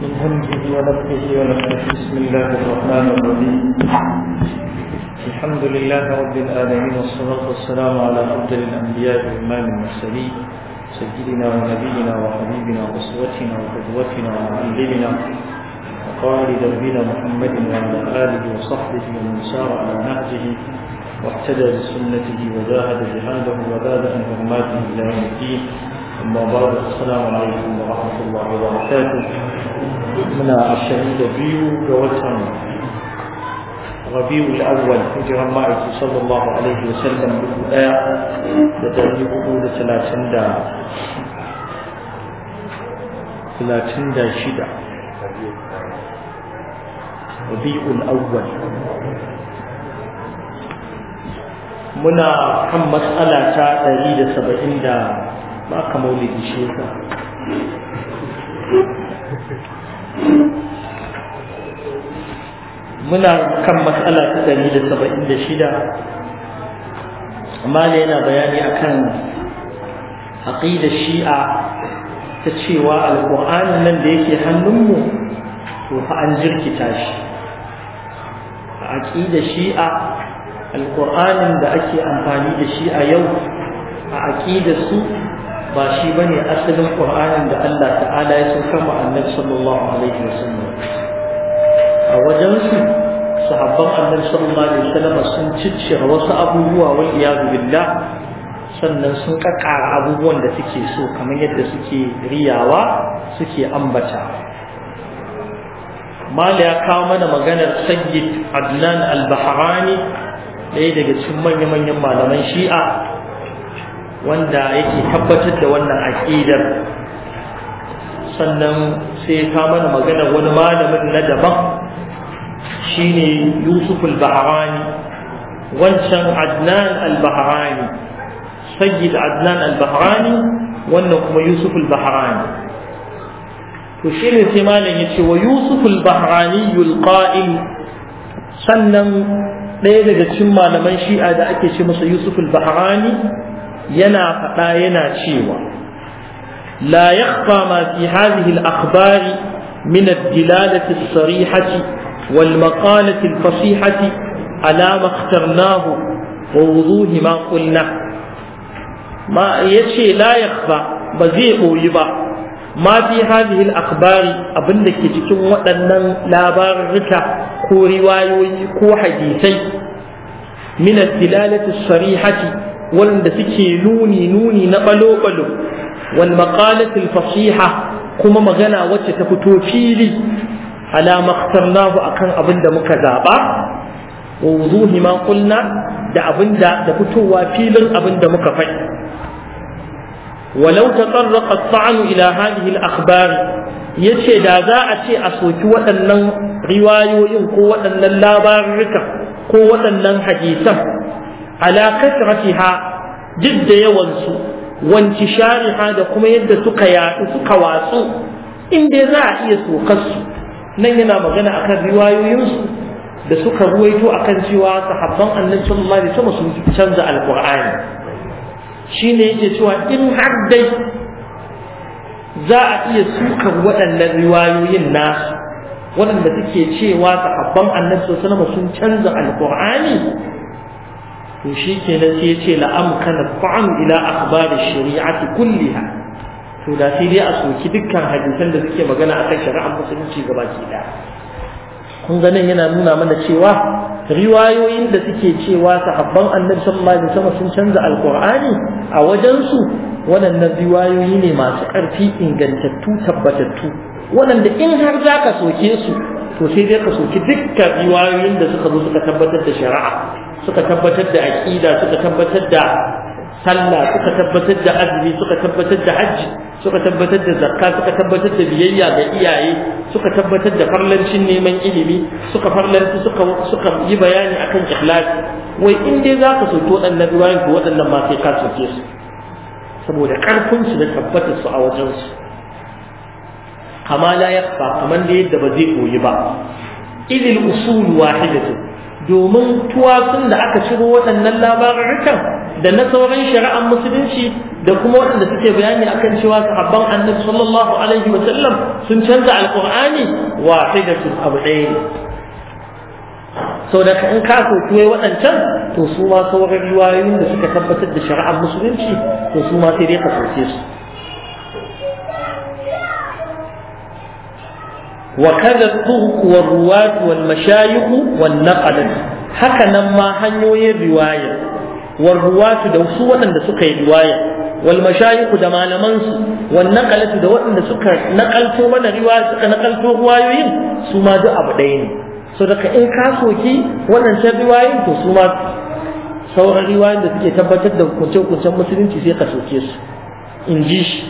من همزه ونفخه ونفخه بسم الله الرحمن الرحيم الحمد لله رب العالمين والصلاة والسلام على أفضل الأنبياء وإمام المرسلين سيدنا ونبينا وحبيبنا وأسوتنا وقدوتنا ومعلمنا وقائد دربنا محمد وعلى آله وصحبه ومن سار على نهجه واهتدى بسنته وجاهد جهاده وزاد أن حرماته إلى يوم الدين أما بعد السلام عليكم ورحمة الله وبركاته من عشرين دبيو جوتهم ربيع الأول هجر المعرفة صلى الله عليه وسلم بالآية لدرجة أولى ثلاثين دا ثلاثين دا شدة ربيع الأول muna kan matsala ta 170 ba ka maulidi shi yasa muna kan matsala ta ɗari da saba'in da shida amma ne yana bayani akan aƙidar shi'a ta cewa alƙur'ani nan da yake hannunmu to fa an jirkita shi a shi'a alƙur'anin da ake amfani da shi a yau a aƙidar su ba shi bane asalin qur'anin da Allah ta'ala ya saukar wa annabi sallallahu alaihi wasallam a wajen su sahabban annabi sallallahu alaihi wasallam sun ciccire wasu abubuwa wa iyadu billah sannan sun kakkara abubuwan da suke so kamar yadda suke riyawa suke ambata mala ya kawo mana maganar sayyid adnan al-bahrani ɗaya daga cikin manya-manyan malaman shi'a wanda yake tabbatar da wannan aƙidar sannan sai ta mana magana wani malamin na daban shine yusuf al-bahrani wancan adnan al-bahrani sayyid adnan al-bahrani wannan kuma yusuf al-bahrani to shine sai malam yace wa yusuf al-bahrani al sannan ɗaya daga cin malaman shi'a da ake ce masa yusuf al-bahrani ينا faɗa yana cewa لا يخفى ما في هذه الأخبار من الدلالة الصريحة والمقالة الفصيحة على ما اخترناه ووضوه ما قلنا ما يشي لا يخفى بزيق يبا ما في هذه الأخبار أبنك تتوى أنن لا بارك كو رواي كو حديثي من الدلالة الصريحة wanda suke nuni nuni na balo-balo wal maqalatul fasiha kuma magana wacce ta fito fili ala makhtarnahu akan abin da muka zaba wa wuduhi ma qulna da abin da da fitowa filin abin da muka faɗi walau taqarraqa at ila hadhihi al-akhbar yace da za a ce a soki waɗannan riwayoyin ko waɗannan labarurrukan ko waɗannan hadisan ala kasratiha duk da yawansu wanci shariha da kuma yadda suka yaɗu suka watsu in dai za a iya sokarsu nan yana magana akan riwayoyinsu da suka ruwaito akan cewa sahabban annabi sallallahu alaihi wasallam sun canza alqur'ani shine yake cewa in har dai za a iya sukar waɗannan riwayoyin na waɗanda suke cewa sahabban annabi sallallahu alaihi wasallam sun canza alqur'ani to shi ke nan sai ya ce la'amkana fa'am ila akhbar shari'ati kulliha to da sai dai a soki dukkan hadisan da suke magana akan shari'ar musulunci ke da. kun ganin yana nuna mana cewa riwayoyin da suke cewa sahabban annabi sallallahu alaihi wasallam sun canza alqur'ani a wajen su waɗannan riwayoyi ne masu ƙarfi ingantattu tabbatattu waɗanda in har zaka soke su to sai dai ka soki dukkan riwayoyin da suka zo suka tabbatar da shari'a suka tabbatar da aqida suka tabbatar da sallah suka tabbatar da azumi suka tabbatar da hajji suka tabbatar da zakka suka tabbatar da biyayya ga iyaye suka tabbatar da farlancin neman ilimi suka farlanci suka suka yi bayani akan ikhlasi wai in dai za ka soki waɗannan ruwayen ko waɗannan ma sai ka soke su saboda ƙarfin su da tabbatar su a wajen su kama la yakfa kaman da yadda ba zai koyi ba idil usul wahidatu domin tuwatsun da aka ciro waɗannan labarurrukan da na sauran shari'ar musulunci da kuma waɗanda suke bayani akan cewa sahabban annabi sallallahu alaihi wa sallam sun canza alqur'ani wahidatun abu ɗaya sau da in ka soki waɗancan to su ma sauran riwayoyin da suka tabbatar da shari'ar musulunci to su ma sai dai ka soke su وكذا الطرق والرواة والمشايخ والنقدة haka nan ma hanyoyin riwaya wal ruwatu da su waɗanda suka yi riwaya wal mashayiku da malaman su wal naqalatu da waɗanda suka nakalto mana riwaya suka nakalto riwayoyin su ma duk abu ɗaya ne so daga in ka soki waɗancan riwayoyin to su ma sauran riwayoyin da suke tabbatar da hukunce-hukuncen musulunci sai ka soke su Inji ji shi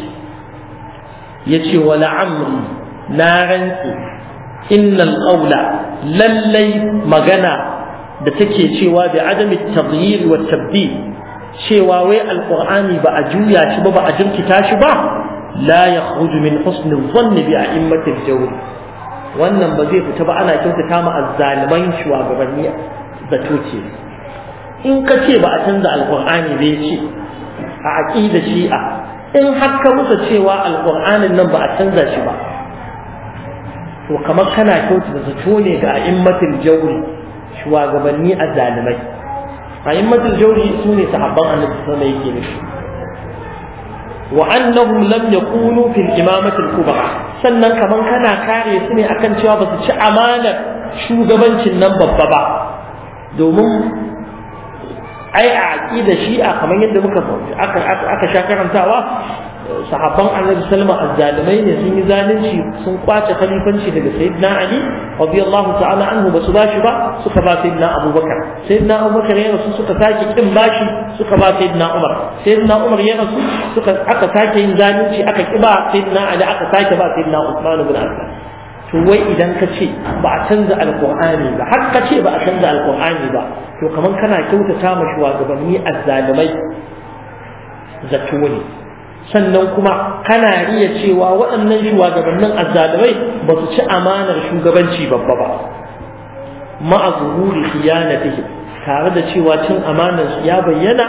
ya ce wa la'amri na rantsi innal qawla lallai magana da take cewa bi adami tadyir wa tabdil cewa wai alqur'ani ba a juya shi ba ba a jirkita shi ba la yakhruju min husni dhann bi a'immatil jawr wannan ba zai fita ba ana kyautata ma azzaliman shugabanni da ce in ka ce ba a canza alqur'ani bai ce a aqida shi'a in har ka musu cewa alqur'anin nan ba a canza shi ba to kamar kana kyautu da zato ne ga a'immatul jawri shugabanni azzalimai a'immatul jawri su ne sahabban annabi sallallahu alaihi wasallam yake wa annahum lam yakunu fil imamati kubra sannan kamar kana kare su ne akan cewa ba su ci amanar shugabancin nan babba ba domin ai a aqida shi'a kamar yadda muka aka aka sha karantawa sahabban annabi Salma azzalimai ne sun yi zalunci sun kwace khalifanci daga sayyidina ali radiyallahu ta'ala anhu ba su bashi ba suka ba sayyidina abubakar sayyidina abubakar ya rasu suka sake kin bashi suka ba sayyidina umar sayyidina umar ya rasu suka aka sake yin zalunci aka kiba sayyidina ali aka sake ba sayyidina usman ibn affan to wai idan ka ce ba a canza alkur'ani ba har ka ce ba a canza alkur'ani ba to kamar kana kyautata ma shugabanni azzalimai zato ne sannan kuma kana iya cewa waɗannan shugabannin azzalumai ba su ci amanar shugabanci babba ba ma'a zuhuri khiyanatihim tare da cewa cin amanar ya bayyana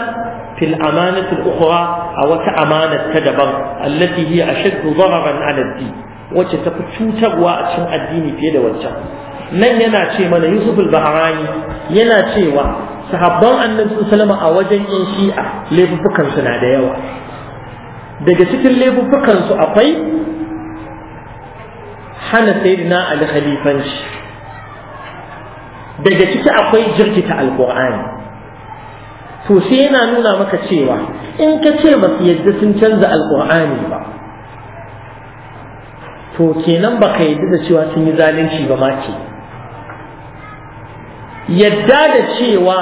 fil amanatul ukhra a wata amanar ta daban allati hiya ashaddu dararan ala din wacce ta fi cutarwa a cikin addini fiye da wancan nan yana ce mana Yusuf al-Bahrani yana cewa sahabban annabi sallallahu alaihi wasallam a wajen yin shi'a laifukan na da yawa daga cikin laifuffukansu akwai hana sayidina ali daga ciki akwai jirkita alkur'ani to sai yana nuna maka cewa in ka ce masu yadda sun canza alqur'ani ba to kenan ba ka yadda da cewa sun yi zalunci ba ma yadda da cewa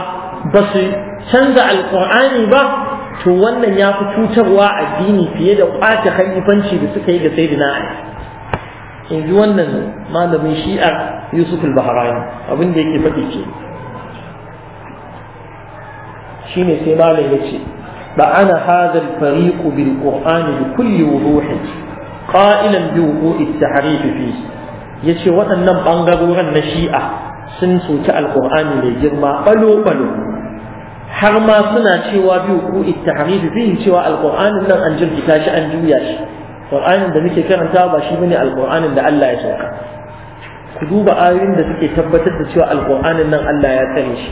ba su canza alkur'ani ba to wannan ya fi cutarwa a addini fiye da kwace khalifanci da suka yi da sai dina wannan malamin shi'a yusuf al-bahrani abin da yake faɗi ke shine sai malam ya ce ba ana hadar fariƙu bil qur'ani bi kulli wuduhi qa'ilan bi wudu'i at-tahrif fi yace waɗannan bangarorin na shi'a sun soci Alƙur'ani mai girma balo balo har ma suna cewa biyu ku ittahrif bihi cewa alqur'anin nan an jirkita shi an juya shi qur'anin da muke karanta ba shi bane alqur'anin da Allah ya sauka ku duba ayoyin da suke tabbatar da cewa alqur'anin nan Allah ya tsare shi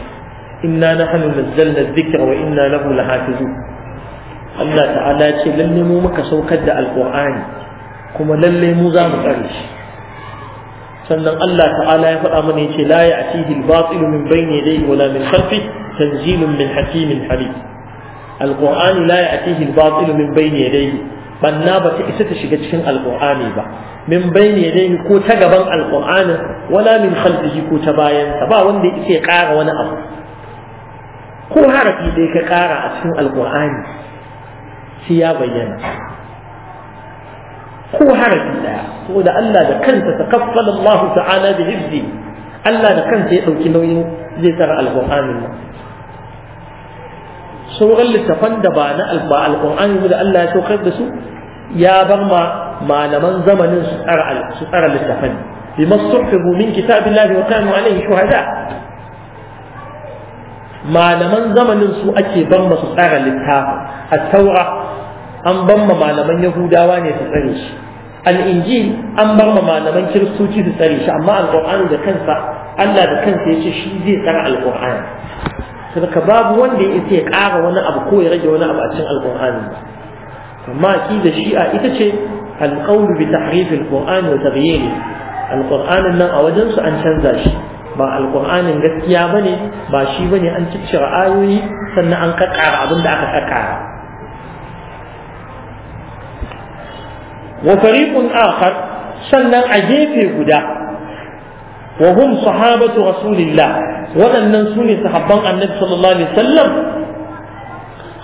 inna nahnu nazzalna dhikra wa inna lahu lahafizun Allah ta'ala ya ce lalle mu muka saukar da alqur'ani kuma lalle mu za mu tsare shi sannan Allah ta'ala ya faɗa mana yace la ya'tihi al-batil min bayni yadayhi wala min khalfihi تنزيل من حكيم حميد القرآن لا يأتيه الباطل من بين يديه banna ba ta isa ta shiga cikin alqur'ani ba min bayni yadayhi ko ta gaban alqur'ani wala min khalfihi ko ta bayan ba wanda yake ƙara wani abu ko harafi dai ka ƙara a cikin alqur'ani sai bayyana ko harafi daya saboda Allah da kansa Allah Allah da kansa ya ɗauki nauyin zai tsara alqur'anin sauran littafan da ba na alƙur'ani da Allah ya saukar da su ya bar ma malaman zamanin su tsara su tsara littafan bi masuhfihu min kitabillahi wa kanu alaihi shuhada malaman zamanin su ake ban su tsara littafi a taura an ban ma malaman yahudawa ne su tsare shi al al'injil an bar ma malaman kiristoci su tsare shi amma al alƙur'ani da kansa Allah da kansa ya ce shi zai tsara al alƙur'ani saboda babu wanda ya isa ya ƙara wani abu ko ya rage wani abu a cikin alqur'ani amma aqidar shi'a ita ce alqawlu bi tahrif alqur'an wa taghyiri Alƙur'anin nan a wajen su an canza shi ba Alƙur'anin gaskiya bane ba shi bane an ciccira ayoyi sannan an kakkara abin da aka kakkara wa fariqun akhar sannan a gefe guda wa sahabatu rasulillah waɗannan sune ne sahabban annabi sallallahu alaihi wasallam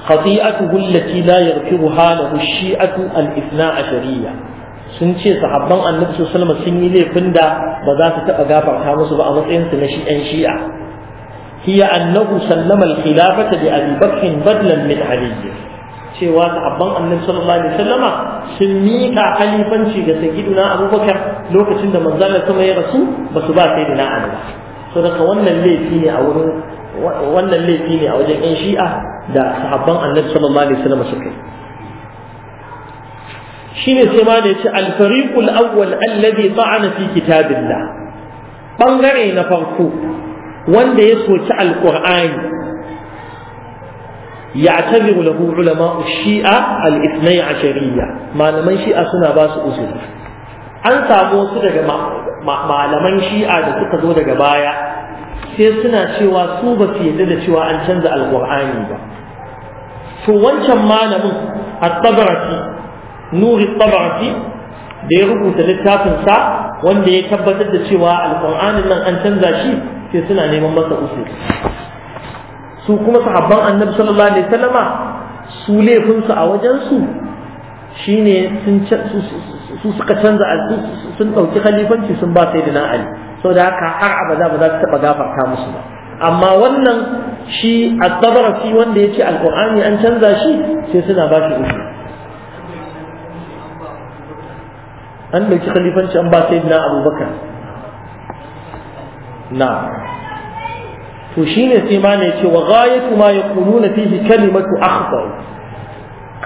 khati'atuhu allati la yaghfiruha lahu shi'atu al-ithna ashariya sun ce sahabban annabi sallallahu alaihi sun yi laifin da ba za su taɓa gafarta musu ba a matsayin su na shi'an shi'a hiya annahu sallamal al-khilafata bi abi bakr badlan min ali cewa sahabban annabi sallallahu alaihi wasallama sun mika khalifanci ga sayyidina abubakar lokacin da manzon sama ya rasu ba su ba sayyidina ali ba so daga wannan laifi ne a wurin wannan laifi ne a wajen yan shi'a da sahabban annabi sallallahu alaihi wasallama suka yi shine sai ma da yace al-fariqul awwal alladhi ta'ana fi kitabillah bangare na farko wanda ya soki alqur'ani يعتبر له علماء الشيعة الاثني عشرية ما لمن شيعة سنة باس أسر an samu wasu daga malaman shi'a da suka zo daga baya sai suna cewa su ba su da cewa an canza alƙur'ani ba to wancan malamin at-tabarati nuri tabarati da ya rubuta littafin sa wanda ya tabbatar da cewa alƙur'anin nan an canza shi sai suna neman masa usuli su kuma sahabban annabi sallallahu alaihi wasallama su laifinsu a wajensu shine su suka canza sun ɗauki khalifanci sun ba sai dina ali saboda haka har abada ba za su taɓa gafarta musu ba amma wannan shi a wanda wanda ce alqur'ani an canza shi sai suna ba shi uku an ɗauki khalifanci an ba sai dina abubakar na'am to ne sai ma ne ce wa ya ma yaquluna fihi kalimatu akhdar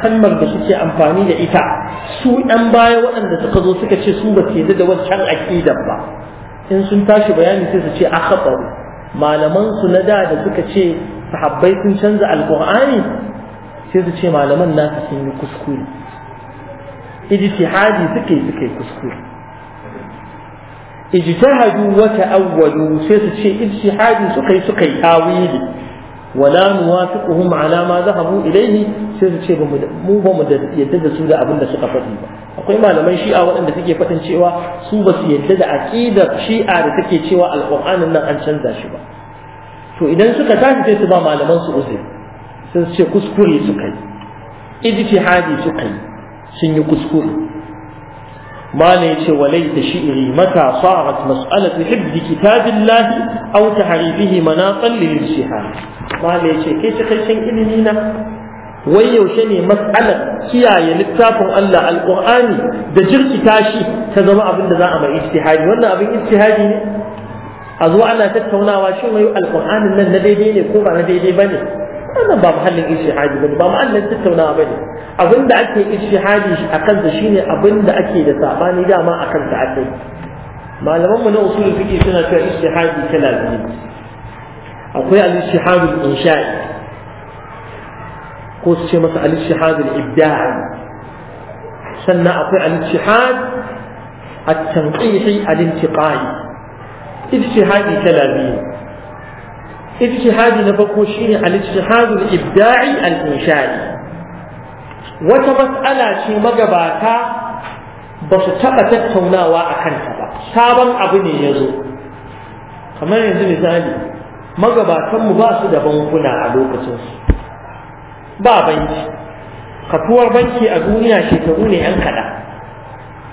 kalmar da suke amfani da ita su ɗan baya waɗanda suka zo suka ce su ba ke da wancan aƙidar ba in sun tashi bayani sai su ce akhbaru malaman su na da da suka ce sahabbai sun canza alqur'ani sai su ce malaman nasu sun yi kuskure ijtihadi suke suke kuskure ijtahadu wa ta'awwalu sai su ce ijtihadi suka yi suka yi tawili wala nuwafiquhum ala ma zahabu ilayhi sai su ce mu ba mu yadda da su da abin da suka faɗi ba akwai malaman shi'a waɗanda suke faɗin cewa su ba su yadda da aqidar shi'a da take cewa alqur'anin nan an canza shi ba to idan suka tashi sai su ba malaman su uzuri sai su ce kuskure suka yi ijtihadi suka yi sun yi kuskure ما نيتي وليت شئري متى صارت مسألة حفظ كتاب الله أو تحريفه مناطا للانشهار ما نيتي كي تخيشن إلمينا ويوشني مسألة كيا يلتاف الله القرآن دجر كتاشي تزمع أبن دزاء أما اجتهادي ولا أبن اجتهادي أزوى أنا تتونا واشو القرآن لن نديدين يكون على ديدي بني أنا باب حل الاجتهادي بني باب أنا تتونا بني abin da ake ijtihadi a kansa shine abin da ake da sabani dama a kansa akai malaman mu na usulul fiqh suna cewa ijtihadi kala biyu akwai al al insha'i ko su ce masa al al ibda'i sannan akwai al-ijtihad at-tanqihi al-intiqai ijtihadi kala biyu ishihadi na farko shine al al ibda'i al-insha'i wata matsala ce magabata ba su taɓa tattaunawa a kanta ba sabon abu ne ya zo kamar yanzu misali magabatanmu ba su da bankuna a lokacinsu ba banki kafuwar banki a duniya shekaru ne yan kaɗa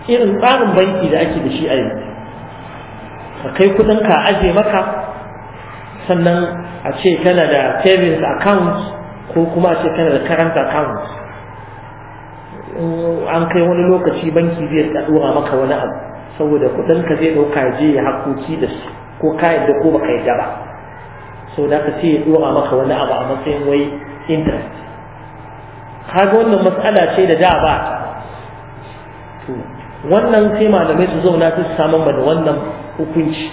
irin tsarin banki da ake da shi a yanzu ka kai kudinka a aje maka sannan a ce kana da savings account ko kuma a ce kana da current account an kai wani lokaci banki zai dora maka wani abu saboda kuɗin ka zai ɗauka je ya hakoki da su ko ka yadda ko baka yadda ba so da ka ce ya ɗora maka wani abu a matsayin wai interest kaga wannan matsala ce da da ba wannan sai malamai su zauna su samu da wannan hukunci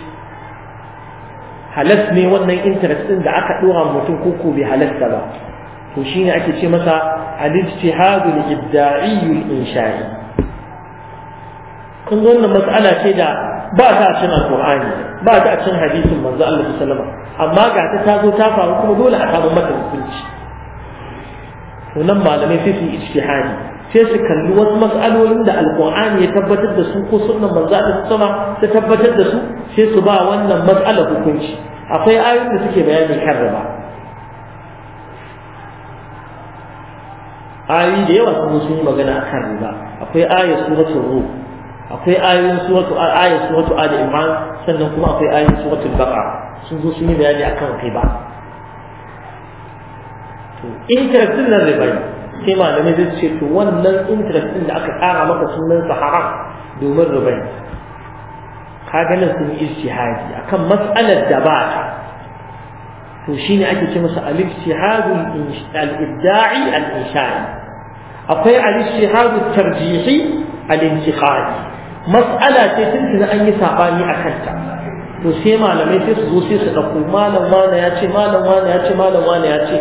halas ne wannan interest ɗin da aka ɗora mutum ko ko bai halasta ba to shine ake ce masa al-ijtihad al-ibda'i al-insha'i kun wannan mas'ala ce da ba ta cin alqur'ani ba ta cin hadisin manzo Allah sallallahu alaihi wasallam amma ga ta tazo ta faru kuma dole a samu mata hukunci to nan malamai sai su ijtihadi sai su kalli wasu mas'alolin da alqur'ani ya tabbatar da su ko sunnan manzo Allah sallallahu ta tabbatar da su sai su ba wannan mas'ala hukunci akwai ayoyin da suke bayanin kan riba ayoyi da yawa sun sun yi magana akan riba akwai ayat suratu ruh akwai ayoyin suratul ayat suratul ali imran sannan kuma akwai ayoyin suratu baqara sun zo sun yi bayani akan riba to interest din nan riba sai malamai zai ce to wannan interest din da aka kara maka sunan sahara domin riba kaga nan sun yi ijtihadi akan mas'alar da ba ta to shine ake ce masa al-ijtihadul al-ibda'i al-insha'i akwai al-shihadu tarjihi al-intiqadi mas'ala ce tun da an yi sabani a kanta to sai malamai sai su zo sai su dauko malam wani ya ce malam wani ya ce malam wani ya ce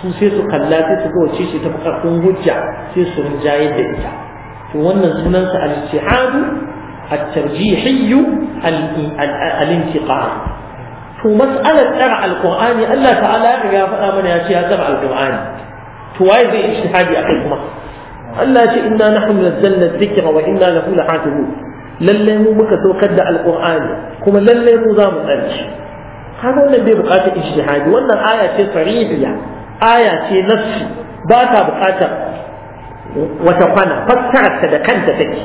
su sai su kalla sai su ga wace ce ta karfin hujja sai su rinjaye da ita to wannan sunansa al-shihadu الترجيحي الانتقام to mas'alar tsara alqur'ani Allah ta'ala ya riga faɗa mana ya ce ya tsara al-ƙuwani. alqur'ani to waye zai ishtihadi akai kuma Allah ya ce inna nahnu nazzalna dhikra wa inna lahu lahafizun lalle mu muka saukar da alqur'ani kuma lalle mu za mu tsare Har wannan bai bukatar ijtihadi wannan aya ce sarihiya aya ce nassi ba ta bukatar wata kwana fassararta da kanta take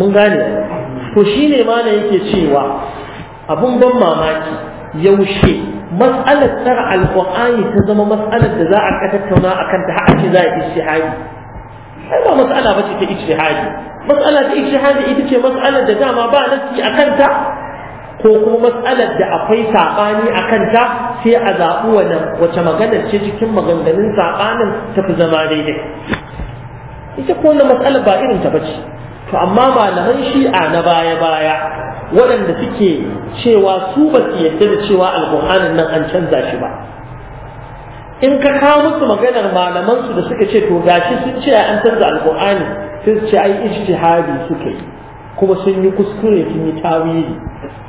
mun gane to shine ma yake cewa abun ban mamaki yaushe mas'alar tsara alƙur'ani ta zama matsalar da za a tattauna a kanta har ce za a ishihadi Sai ba matsala ba ce ta hali. Matsala ta ishihadi ita ce mas'alar da dama ba nasi a kanta ko kuma matsalar da akwai saɓani a kanta sai a zaɓi wani wace magana ce cikin maganganun saɓanin ta fi zama daidai ita ko wannan matsalar ba irin ta bace to amma malaman shi'a na baya-baya waɗanda suke cewa su ba su yadda da cewa alƙur'anin nan an canza shi ba in ka kawo musu maganar malaman su da suka ce to gashi sun ce an canza alƙur'ani sun ce ai ijtihadi suke suke, kuma sun yi kuskure sun yi tawili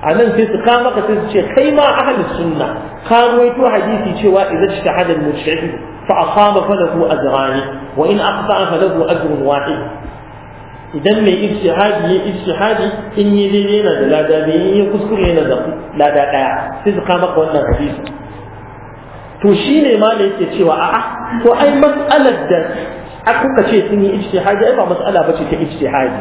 a nan sai su kawo maka sai su ce kai ma ahlus sunna ka ruwaito hadisi cewa idza ijtihada hadin mushahidi fa a asaba falahu ajrani wa in akhta falahu ajrun wahid idan mai ijtihadi ya ijtihadi in yi daidai yana da lada mai in yi kuskure yana da lada daya sai su kama wannan hadisi to ne ma da yake cewa a'a to ai mas'alar da kuka ce sun yi ijtihadi ai ba mas'ala bace ta ijtihadi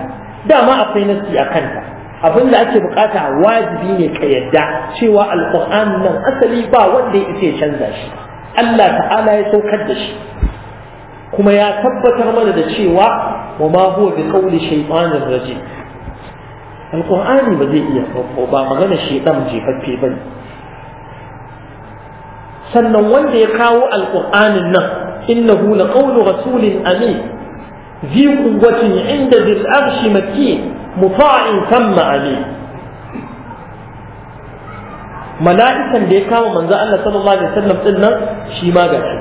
dama akwai nasi a kanta abin da ake bukata wajibi ne ka yadda cewa alqur'an nan asali ba wanda ya canza shi Allah ta'ala ya saukar da shi kuma ya tabbatar mana da cewa wa ma huwa bi qawli shaytanir rajim alqur'ani ba zai iya ba magana shaytan jefaffe bane sannan wanda ya kawo alqur'anin nan innahu la qawlu rasulin amin ذي قوة عند ذي العرش مكين مطاع ثم عليه mala'ikan da ya kawo manzo Allah sallallahu alaihi wasallam din nan shi ma gashi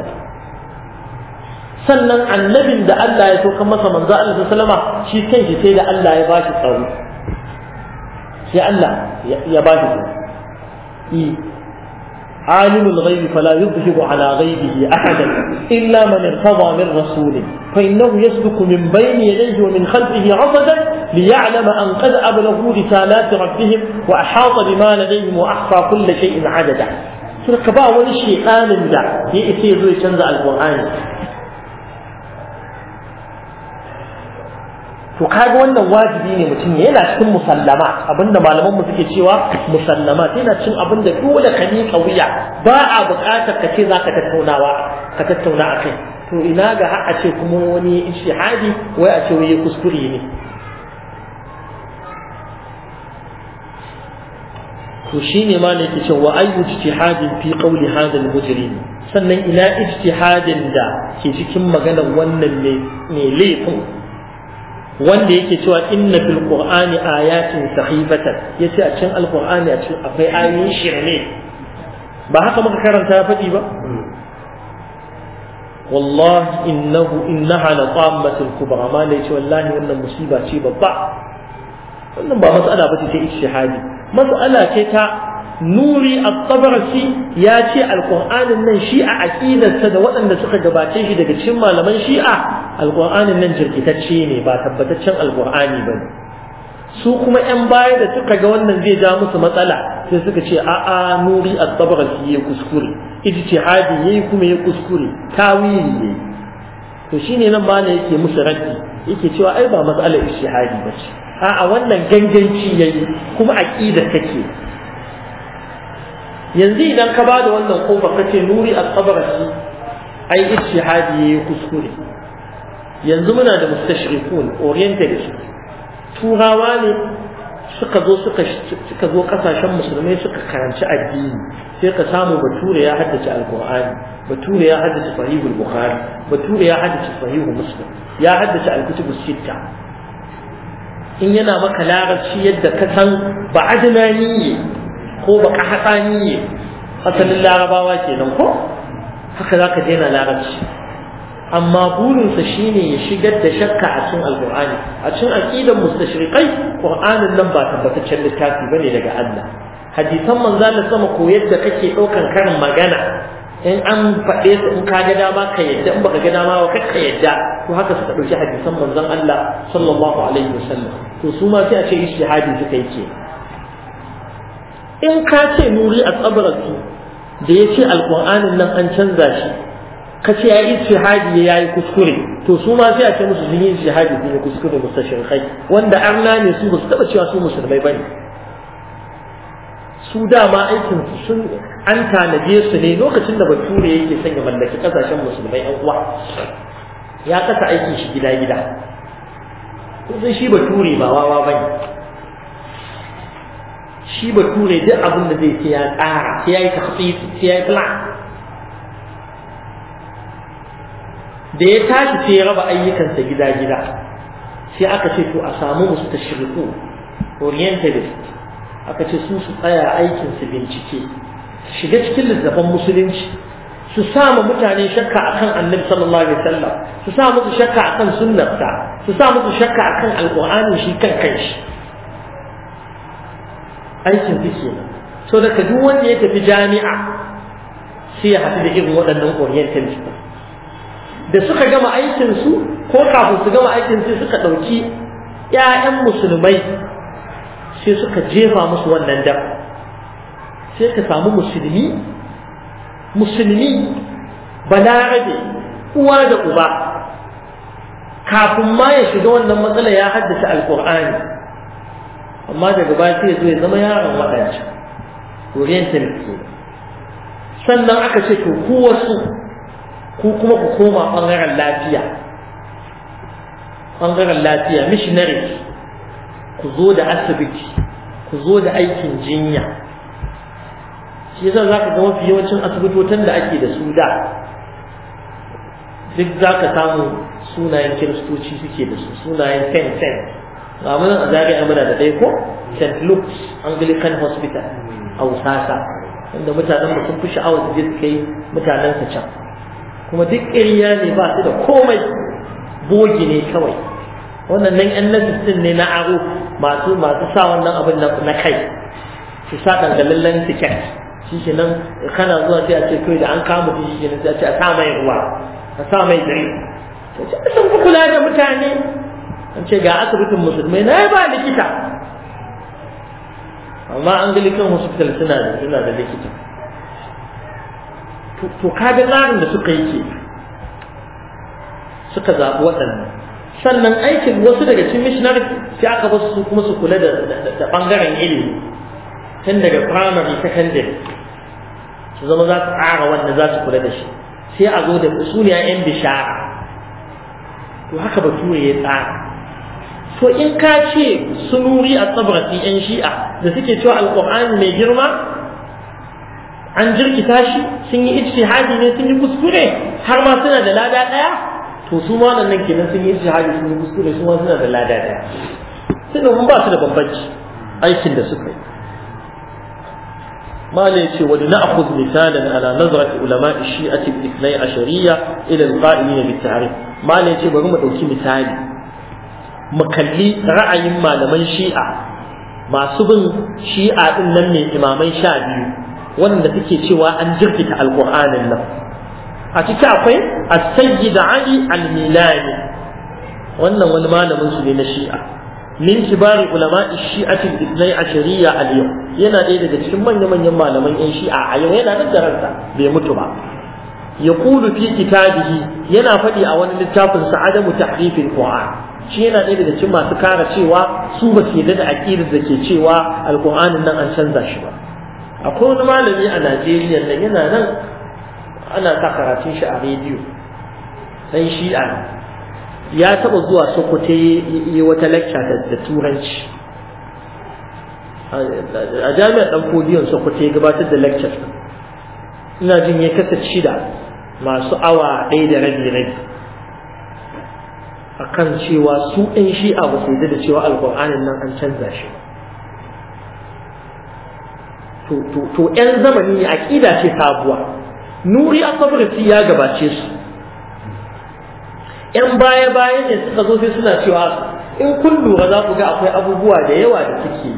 sannan annabin da Allah ya sauka masa manzo Allah sallama shi kanshi sai da Allah ya bashi tsaro sai Allah ya bashi tsaro عالم الغيب فلا يظهر على غيبه احدا الا من ارتضى من رسول فانه يسلك من بين يديه ومن خلفه رصدا ليعلم ان قد ابلغوا رسالات ربهم واحاط بما لديهم واحصى كل شيء عددا. سلك با ونشي آمن دا يأتي يزوي تنزع القرآن to kaga wannan wajibi ne mutum yana cikin musallama abinda malaman mu suke cewa musallama yana cikin abinda dole ka miƙa wuya ba a buƙatar ka ce zaka tattaunawa ka tattauna kai. to ina ga har a ce kuma wani ishihadi wai a ce wai kuskure ne to shine ma ne yake cewa ayyu ijtihadin fi qawli hadha al-mujrim sannan ina ijtihadin da ke cikin maganar wannan ne laifin wanda yake cewa inna fil qur'ani ayatin sahifatan yace a cikin alqur'ani a cikin akwai ayoyin shirme ba haka muka karanta ya faɗi ba wallahi innahu innaha la qammatul kubra ma ne ce wallahi wannan musiba ce babba wannan ba mas'ala ba ce ta ijtihadi mas'ala ce ta nuri a tabarasi ya ce alƙur'anin nan shi'a a da waɗanda suka gabace shi daga cikin malaman shi'a alqur'anin nan jirkitacce ne ba tabbataccen alqur'ani bane su kuma yan baya da suka ga wannan zai ja musu matsala sai suka ce a'a nuri a tabarasi ya kuskure ce ya yayi kuma ya kuskure tawili yi. to shine nan ba ne yake musu raddi yake cewa ai ba matsalar ba bace a'a wannan ganganci yayi kuma aqidar take yanzu idan ka bada wannan kofa kace nuri at-tabarasi ai ijtihadi ya kuskure yanzu muna da mustashrikun orientalist turawa ne suka zo suka suka zo kasashen musulmai suka karanci addini sai ka samu bature ya haddace alqur'ani bature ya haddace sahihul bukhari bature ya haddace sahihul muslim ya haddace al alkutubu sitta in yana maka larabci yadda ka san ba adnani ne ko baka hatsani ne asalin larabawa kenan ko haka za ka daina larabci amma burinsa shine ya shigar da shakka a cikin alkur'ani a cikin aqidan mustashriqai qur'anin nan ba tabbataccen littafi bane daga Allah hadisan manzo Allah sama ko yadda kake daukan karin magana in an faɗe su in ka ga dama ka yadda in baka ga dama ba ka yadda to haka suka dauki hadisan manzon Allah sallallahu alaihi wasallam to su ma sai a ce ishtihadi suka yi kenan in ka ce nuri a tsabararsu da ya ce alƙur'anin nan an canza shi ka ce ya yi shahadi ya yi kuskure to su ma sai a ce musu sun yi shahadi sun yi kuskure mustashin kai wanda arna ne su basu taɓa cewa su musulmai ba ne su dama aikin sun an tanaje su ne lokacin da bature yake sanya ya mallaki ƙasashen musulmai yan uwa ya kasa aikin shi gida gida sai shi bature ba wawa ne. shi bature duk abin da zai ya tsara sai ya yi takhsis sai ya yi plan da ya tashi sai ya raba ayyukansa gida-gida sai aka ce to a samu musu tashriku orientalist aka ce su su tsaya aikin su bincike shiga cikin littafin musulunci su sama mutane shakka akan annabi sallallahu alaihi wasallam su samu su shakka akan sunnarsa su samu su shakka akan alqur'ani shi kan shi. aikin su kenan so daga duk wanda ya tafi jami'a sai ya hafi da irin waɗannan orientalist da suka gama aikinsu ko kafin su gama aikin su suka ɗauki 'ya'yan musulmai sai suka jefa musu wannan dam sai ka samu musulmi musulmi balarabe uwa da uba kafin ma ya shiga wannan matsala ya haddace alkur'ani amma daga baya sai zo ya zama yaron waɗancan oriental ne. sannan aka ce to ku wasu ku kuma ku koma ɓangaren lafiya ɓangaren lafiya missionary ku zo da asibiti ku zo da aikin jinya shi yasa za ka ga mafi yawancin asibitotan da ake da su da duk za ka samu sunayen kiristoci suke da su sunayen fen fen ga mun a zagaya muna da dai ko St. Luke's Anglican Hospital a Usasa inda mutanen mu sun fi sha'awar su je su mutanen su can kuma duk ƙirya ne ba su da komai bogi ne kawai wannan nan yan nasis din ne na aro masu masu sa wannan abin na kai su sa dangalallen tiket shi ke nan kana zuwa sai a ce kai da an kama shi shi ke nan sai a ce a sa mai ruwa a sa mai dare to sun fi kula da mutane an ce ga asibitin musulmai na ba likita amma an ga likitan hospital suna da suna da likita to kaga tsarin da suka yi ke suka zaɓi waɗannan sannan aikin wasu daga cikin missionary sai aka ba su kuma su kula da ɓangaren ilimi tun daga primary secondary su zama za su tsara wanda za su kula da shi sai a zo da su yan bishara to haka bature ya tsara to in ka ce sunuri a tsabarati yan shi'a da suke cewa alƙur'ani mai girma an jirkita shi sun yi ijtihadi ne sun yi kuskure har ma suna da lada ɗaya to su ma nan kenan sun yi ijtihadi sun yi kuskure su ma suna da lada ɗaya sai domin ba su da bambanci aikin da suka yi مالي يتي ولنأخذ مثالا على نظرة علماء الشيعة الاثني عشرية إلى القائمين بالتعريف مالي يتي بغم أوكي مثالي mu kalli ra'ayin malaman shi'a masu bin shi'a din nan ne imaman sha biyu wanda suke cewa an jirkita alƙur'anin nan a ciki akwai as-sayyid ali al-milani wannan wani malamin su ne na shi'a min kibari ulama shi'ati al ashariya al-yawm yana ɗaya daga cikin manya-manyan malaman yan shi'a a yau yana nan da ransa bai mutu ba yaqulu fi kitabihi yana faɗi a wani littafin sa adamu tahrifil qur'an shi yana ɗaya daga cikin masu kara cewa su ba su yarda da aƙidar da ke cewa alƙur'anin nan an canza shi ba akwai wani malami a najeriya nan yana nan ana sa karatun shi a rediyo shi a ya taɓa zuwa sokoto yi wata lacca da turanci a jami'ar ɗan fodiyon sokoto ya gabatar da laccar ina jin ya kasa shida masu awa ɗaya da rabi rabi akan cewa su ɗan shi'a ba su da cewa alƙur'anin nan an canza shi to ƴan zamani ne aƙida ce sabuwa nuri asabrati ya gabace su ƴan baya-baya ne suka zo sai suna cewa in kun lura za ku ga akwai abubuwa da yawa da suke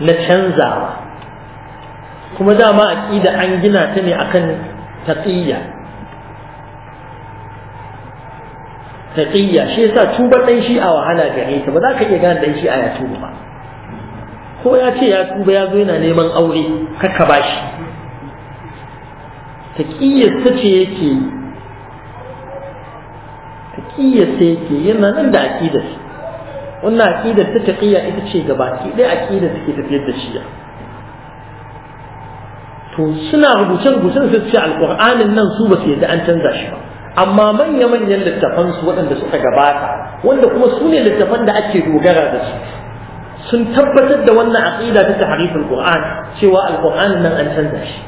na canzawa kuma dama aƙida an gina ta ne akan taƙiyya taqiyya shi yasa tuba dan a wahala gare ta ba za ka iya gane dan a ya tuba ba ko ya ce ya tuba ya zo yana neman aure kakka bashi taqiyyar ta ce yake taqiyyar ta yake yana nan da aqidar wannan aqidar ta taqiyya ita ce gaba gabaki ɗaya aqidar take tafiyar da shi'a to suna rubuce-rubucen su ce alƙur'anin nan su ba su yadda an canza shi ba amma manya-manyan littafan su waɗanda suka gabata wanda kuma su ne littafan da ake dogara da su sun tabbatar da wannan aqida ta tahrifin qur'an cewa alqur'an nan an canza shi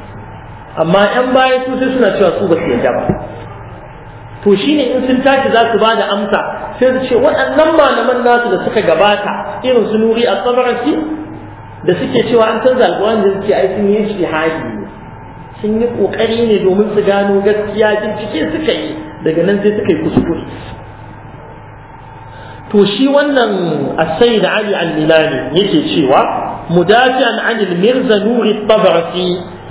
amma yan baya su sai suna cewa su ba su yarda ba to shine in sun tashi za su bada amsa sai su ce waɗannan malaman nasu da suka gabata irin su nuri a tsabarasi da suke cewa an canza alqur'an da suke ai sun yi shi ne sun yi ƙoƙari ne domin su gano gaskiya bincike suka yi daga nan sai suka yi kuskure to shi wannan asai da ali al-milani yake cewa mudafi'an anil mirza nuri tabarasi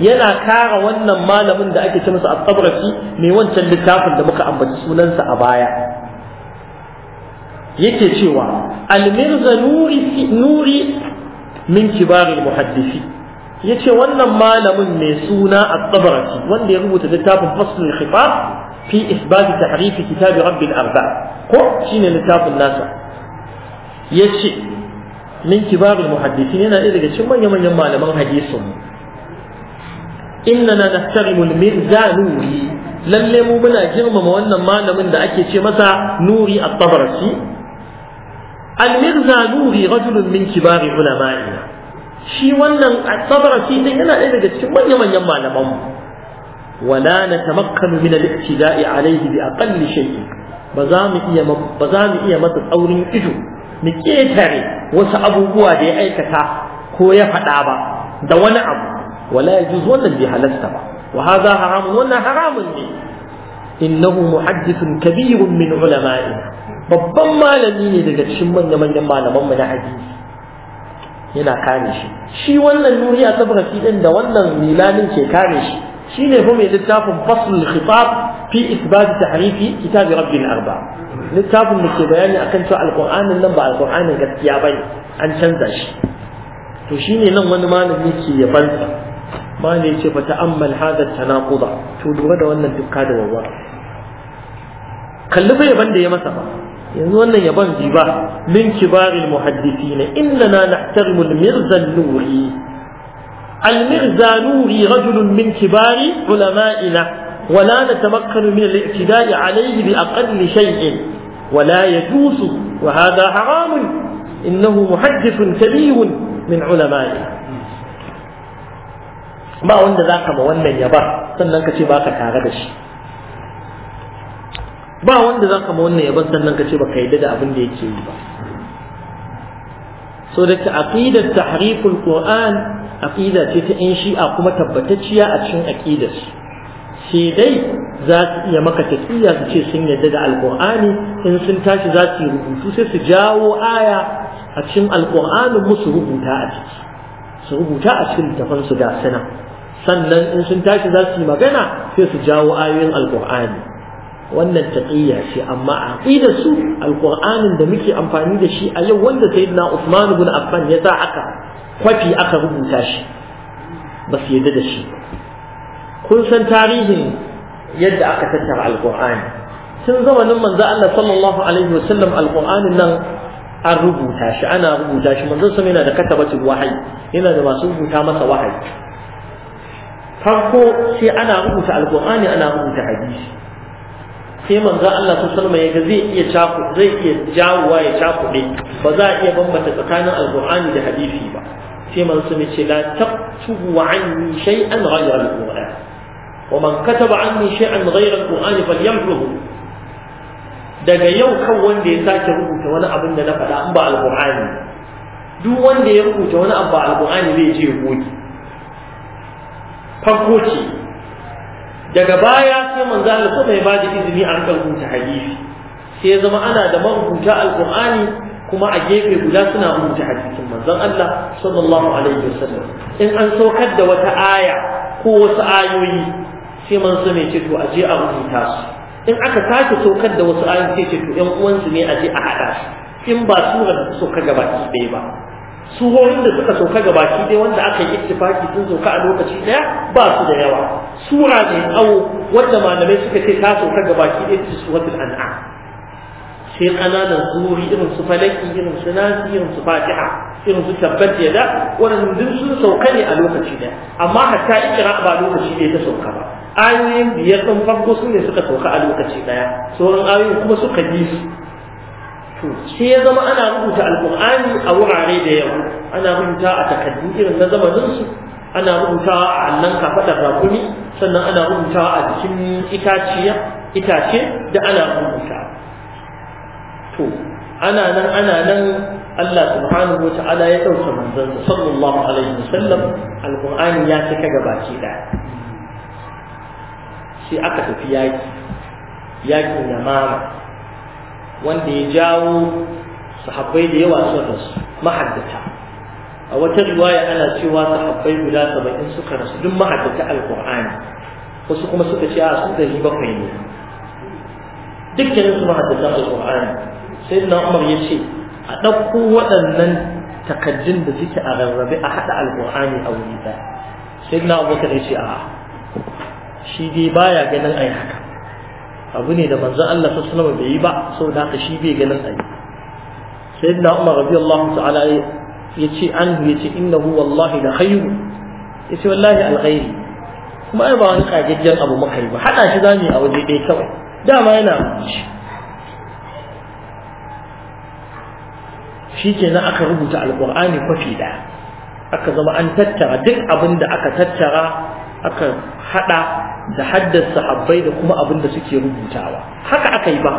yana kara wannan malamin da ake ce masa at-tabarasi mai wancan littafin da muka ambaci sunansa a baya yake cewa al-mirza nuri nuri min muhaddisi ya ce wannan malamin mai suna a tsabarati wanda ya rubuta littafin faslul khifaf fi isbati tahrifi kitabi rabbil arba ko shine littafin nasa ya ce min kibarul muhaddisin yana ɗaya daga cikin manyan manyan malaman hadisin innana nahtarimul mirza nuri lalle mu muna girmama wannan malamin da ake ce masa nuri a tabarsi al-mirza nuri rajulun min kibari ulama'ina shi wannan at-tabarasi din yana ɗaya daga cikin manya manyan malaman mu wala natamakkanu min al-ibtida'i alayhi bi aqalli shay'in ba za mu iya ba za mu iya masa tsaurin ido mu ketare wasu abubuwa da ya aikata ko ya faɗa ba da wani abu wala yajuz wannan bi halasta ba wa hadha haramun wannan haramun ne innahu muhaddithun kabirun min ulama'ina babban malami ne daga cikin manya manyan malaman mu na hadisi yana kare shi shi wannan nuri a tabaraki din da wannan milanin ke kare shi shine fa mai littafin faslul khitab fi isbat tahrifi kitab rabbil arba littafin da ke bayani akan cewa alqur'anin nan ba alqur'anin gaskiya bane an canza shi to shine nan wani malami ke yabansa malami ce fa ta'ammal hadha tanaquda to lura da wannan dukka da wawa kalli fa ban da ya masa ba yanzu wannan yaban riba min kibaril muhaddisin innana nahtarimu al-mirza an-nuri al-mirza nuri rajulun min kibari ulama'ina ولا نتمكن من الاعتداء عليه بأقل شيء ولا يجوز وهذا حرام إنه محدث كبير من علمائه ba wanda za ka ma wannan ya ba sannan ka ce ba ka tare da shi ba wanda zaka ma wannan yaban sannan ka ce ka yadda da abin da yake yi ba so da aqidat tahriful qur'an aqida ce ta in shi'a kuma tabbatacciya a cikin aqidar sai dai za su iya maka tafiya su ce sun yadda da alqur'ani in sun tashi za su yi rubutu sai su jawo aya a cikin alqur'ani musu rubuta a ciki su rubuta a cikin littafan su da sana sannan in sun tashi za su yi magana sai su jawo ayoyin alqur'ani wannan taqiyya ce amma da su alqur'anin da muke amfani da shi a yau wanda sayyidina Uthman ibn Affan ya sa aka kwafi aka rubuta shi ba su yadda da shi kun san tarihin yadda aka tattara alqur'ani tun zamanin manzo Allah sallallahu alaihi sallam alqur'anin nan an rubuta shi ana rubuta shi manzon sama yana da katabatul wahayi yana da masu rubuta masa wahai. farko sai ana rubuta alqur'ani ana rubuta hadisi sai manzo Allah ta sallama ya ga zai iya caku zai iya jawowa ya caku ne ba za a iya bambata tsakanin alqur'ani da hadisi ba sai manzo ne ce la taktubu anni shay'an ghayra alqur'an wa man kataba anni shay'an ghayra alqur'ani falyamhu daga yau kan wanda ya sake rubuta wani abin da na faɗa in ba alqur'ani duk wanda ya rubuta wani abu ba alqur'ani zai je goge farko ce daga baya sai manzo Allah sama ya bada izini a kan rubuta hadisi sai ya zama ana da marubuta alqur'ani kuma a gefe guda suna rubuta hadisin manzon Allah sallallahu alaihi wasallam in an saukar da wata aya ko wasu ayoyi sai manzo mai ce to a je a rubuta su in aka sake saukar da wasu ayoyi sai ce to ƴan uwansu ne a je a haɗa su in ba surar suka gabaki ɗaya ba surorin da suka sauka ga baki dai wanda aka yi ittifaki sun sauka a lokaci daya ba su da yawa sura ne awo wanda malamai suka ce ta sauka gabaki dai ta suratul an'am sai kananan zuri, irin su falaki irin su nasi irin su fatiha irin su tabbat yada wannan duk sun sauka ne a lokaci daya amma hatta ikra ba lokaci ɗaya ta sauka ba ayoyin biyar ɗin farko su ne suka sauka a lokaci daya sauran ayoyin kuma suka bi su sai ya zama ana rubuta alkur'ani a wurare da yawa ana rubuta a takaddu irin na zamaninsu ana rubuta a allon kafaɗar rakumi sannan ana rubuta a jikin itaciya itace da ana rubuta to ana nan ana nan Allah subhanahu wata'ala ya ɗauka manzansa sallallahu alaihi wasallam alkur'ani ya cika gabaki ɗaya sai aka tafi yaƙi yaƙin yamama wanda ya jawo sahabbai da yawa sun rasu mahaddata a wata riwaya ana cewa sahabbai guda saba'in suka rasu duk mahaddata alkur'ani wasu kuma suka ce a su dari bakwai ne dukkanin su mahaddata alkur'ani sai na umar ya ce a ɗauko waɗannan takaddun da suke a rarrabe a haɗa alkur'ani a wuri ɗaya sai na abubakar ya ce a shi dai baya ganin ai haka abu ne da manzon Allah sallallahu alaihi bai yi ba saboda haka shi bai ganin ayi sayyidina Umar radiyallahu ta'ala yace anhu yace innahu wallahi la khayr yace wallahi alghairi kuma ai ba wani kagaggen abu muka yi ba hada shi zamu a waje ɗaya kawai dama yana rubuci shi kenan aka rubuta alqur'ani kwafi daya aka zama an tattara duk abin da aka tattara aka hada da haddasa sahabbai da kuma abin da suke rubutawa haka aka yi ba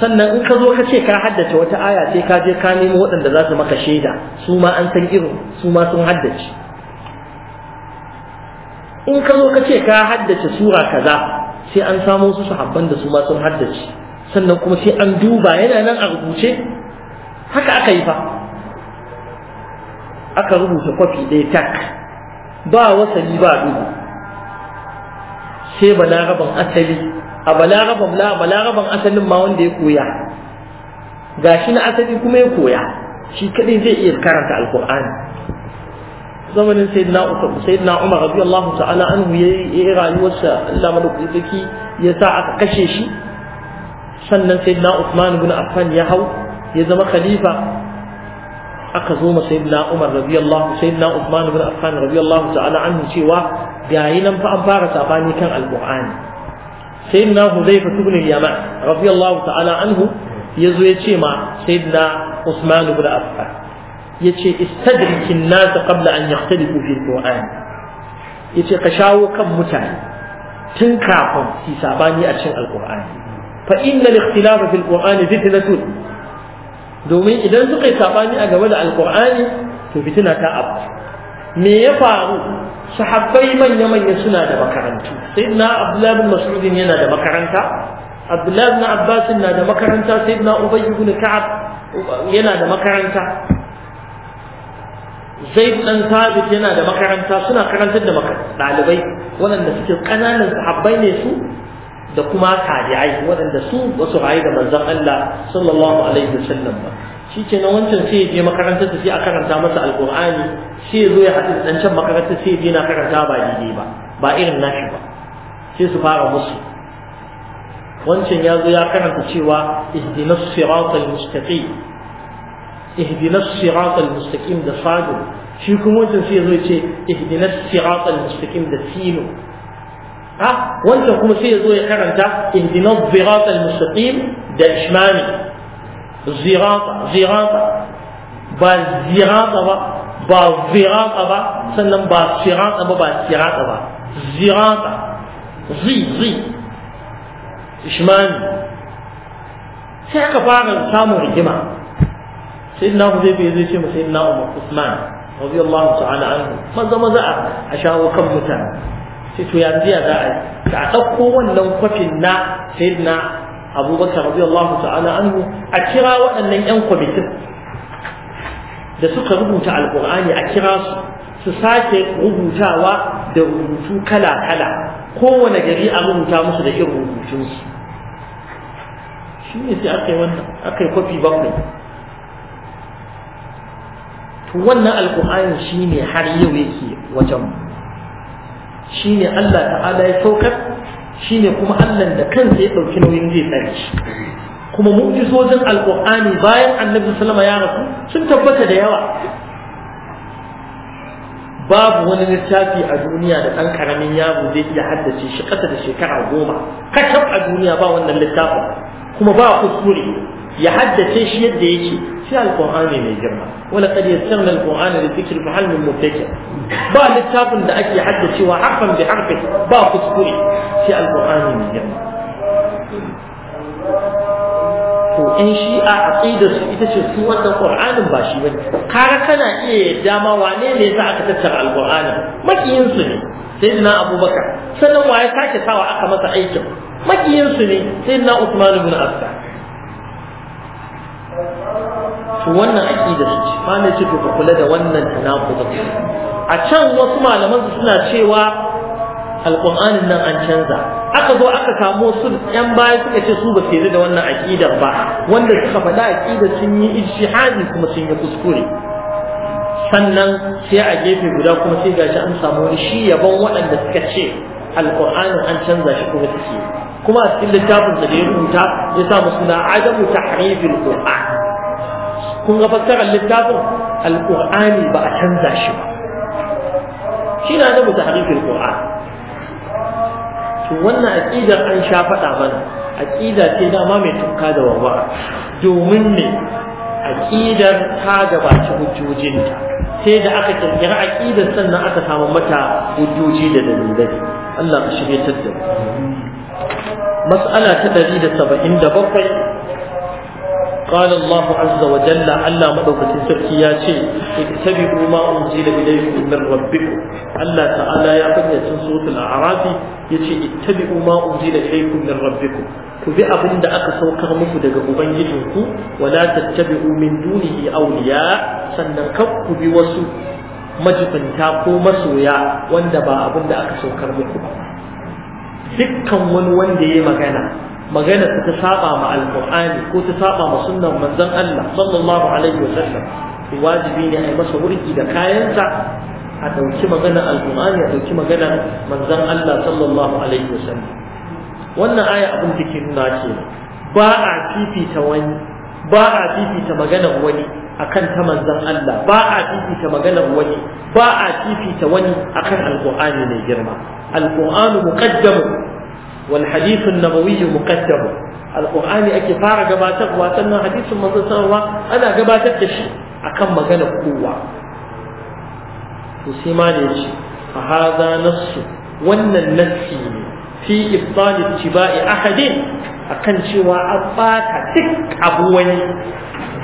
sannan in ka zo ka ce ka haddace wata aya sai ka je ka nemo waɗanda za su maka shaida su ma an san irin su ma sun haddace in ka zo ka ce ka haddace sura kaza sai an samo su sahabban da su ma sun haddace sannan kuma sai an duba yana nan a rubuce haka aka yi fa aka rubuta kwafi ɗaya tak ba wasali ba dubu sai balaraban asali a balaraban la asalin ma wanda ya koya gashi na asali kuma ya koya shi kadai zai iya karanta alkur'ani zamanin sayyidina Usman sayyidina Umar radiyallahu ta'ala anhu yayi rayuwarsa Allah madaukakin sarki ya sa aka kashe shi sannan sayyidina Usman ibn Affan ya hau ya zama khalifa aka zo ma sayyidina Umar radiyallahu sayyidina Uthman ibn Affan radiyallahu ta'ala anhu cewa gayi nan fa an fara sabani kan alqur'ani sayyidina Hudayfa ibn al-Yaman radiyallahu ta'ala anhu yazo ya ce ma sayyidina Uthman ibn Affan yace istadrikin nas qabla an yahtalifu fi alqur'an yace ka shawo kan mutane tun kafin su sabani a cikin alqur'ani fa inna al-ikhtilafa fi alqur'ani fitnatun domin idan suka yi sabani a game da alkur'ani to fitina ta abu me ya faru sahabbai manya-manya suna da makarantu sai na abdullahi mas'udin yana da makaranta abdullahi na abbasin na da makaranta sai na ubay ibn ka'ab yana da makaranta zaid dan sabit yana da makaranta suna karantar da ɗalibai waɗanda suke ƙananan sahabbai ne su da kuma tabi'ai waɗanda su ba su rayu da manzon Allah sallallahu alaihi wasallam ba shi ke nan wancan sai je makarantar sai a karanta masa alqur'ani sai zo ya haɗu dan can makarantar sai je na karanta ba daidai ba ba irin nashi ba sai su fara musu wancan ya zo ya karanta cewa ihdinas siratal mustaqim ihdinas siratal mustaqim da sadu shi kuma wancan sai zo ya ce ihdinas siratal mustaqim da sinu ha wancan kuma sai ya zo ya karanta ihdinas siratal mustaqim da ishmami zirata zirata ba zirata ba ba zirata ba sannan ba sirata ba ba sirata ba zirata zi zi ishmami sai aka fara samun rigima sai na ku zai zai ce mu sai na umar usman radiyallahu ta'ala anhu maza maza a shawo kan mutane to ya ya za a yi ka ɗauko wannan kwafin na sayyidina abubakar radiyallahu ta'ala anhu a kira waɗannan yan kwamitin da suka rubuta alkur'ani a kira su su sake rubutawa da rubutu kala-kala kowane gari a rubuta musu da irin rubutunsu shi ne sai aka yi wannan aka yi kwafi bakwai to wannan alkur'ani shi ne har yau yake wajen mu shine Allah ta'ala ya saukar shine kuma Allah da kansa ya ɗauki nauyin zai tsare kuma mu'jizojin alƙur'ani bayan annabi sallama ya rasu sun tabbata da yawa babu wani littafi a duniya da ɗan ƙaramin yaro zai iya haddace shi ƙasa da shekara goma kashaf a duniya ba wannan littafin kuma ba kuskure ya haddace shi yadda yake sai alqur'ani mai girma wala qad yassarna alqur'ana lidhikri fa hal min muddakir ba littafin da ake haddacewa harfan bi harfi ba kuskure sai alqur'ani mai girma to in shi'a aqidar su ita ce su wannan qur'anin ba shi bane kara kana iya yadda ma wane ne za aka tattara alqur'anin makiyin su ne sayyidina abubakar sannan waye sake sawa aka masa aikin makiyin su ne sayyidina usman ibn affan wannan aqida su ce ne ce to kula da wannan tanaqud a can wasu malaman su suna cewa alqur'anin nan an canza aka zo aka samu su yan baya suka ce su ba su yarda da wannan aqidar ba wanda suka faɗa aqidar sun yi ijtihadi kuma sun yi kuskure sannan sai a gefe guda kuma sai gashi an samu wani shi ban waɗanda suka ce alƙur'anin an canza shi kuma suke kuma a cikin littafin da ya rubuta ya sa musu na adamu tahrifil qur'an kun ga fassarar littafin alqur'ani ba a canza shi ba shi na da mutaharifin qur'ani to wannan aqidar an sha faɗa mana aqida ce dama mai tunka da warwara domin ne aqidar ta gabaci hujjojinta sai da aka kirkira aqidar sannan aka samu mata hujjoji da dalilai Allah ka shirye ta da mas'ala ta 177 قال الله عز وجل ألا مدوكة سركياتي اتبعوا ما أنزل إليكم من ربكم ألا تعالى يا بني سورة الأعراف يتي اتبعوا ما أنزل إليكم من ربكم كبع بند أكسو كرمك دقا أبنجدك ولا تتبعوا من دونه أولياء سننكب بوسو majibinta ko masoya wanda ba abin da aka saukar muku ba dukkan wani wanda ya magana magana ta saba ma alqur'ani ko ta saba ma sunnar manzon Allah sallallahu alaihi wasallam to wajibi ne a yi masa wurki da kayansa a dauki magana alqur'ani a dauki magana manzon Allah sallallahu alaihi wasallam wannan aya abin take nuna ce ba a fifita wani ba a fifita maganar wani akan ta manzon Allah ba a fifita maganar wani ba a fifita wani akan alqur'ani mai girma alqur'anu muqaddamun wal hadithun nabawi muqaddam alqur'ani ake fara gabatarwa sannan hadisin manzon ana gabatar da shi akan magana kowa to ma ne ce fa hadha nassu wannan nassi ne fi ibtal ittiba'i ahadin akan cewa an bata duk abu wani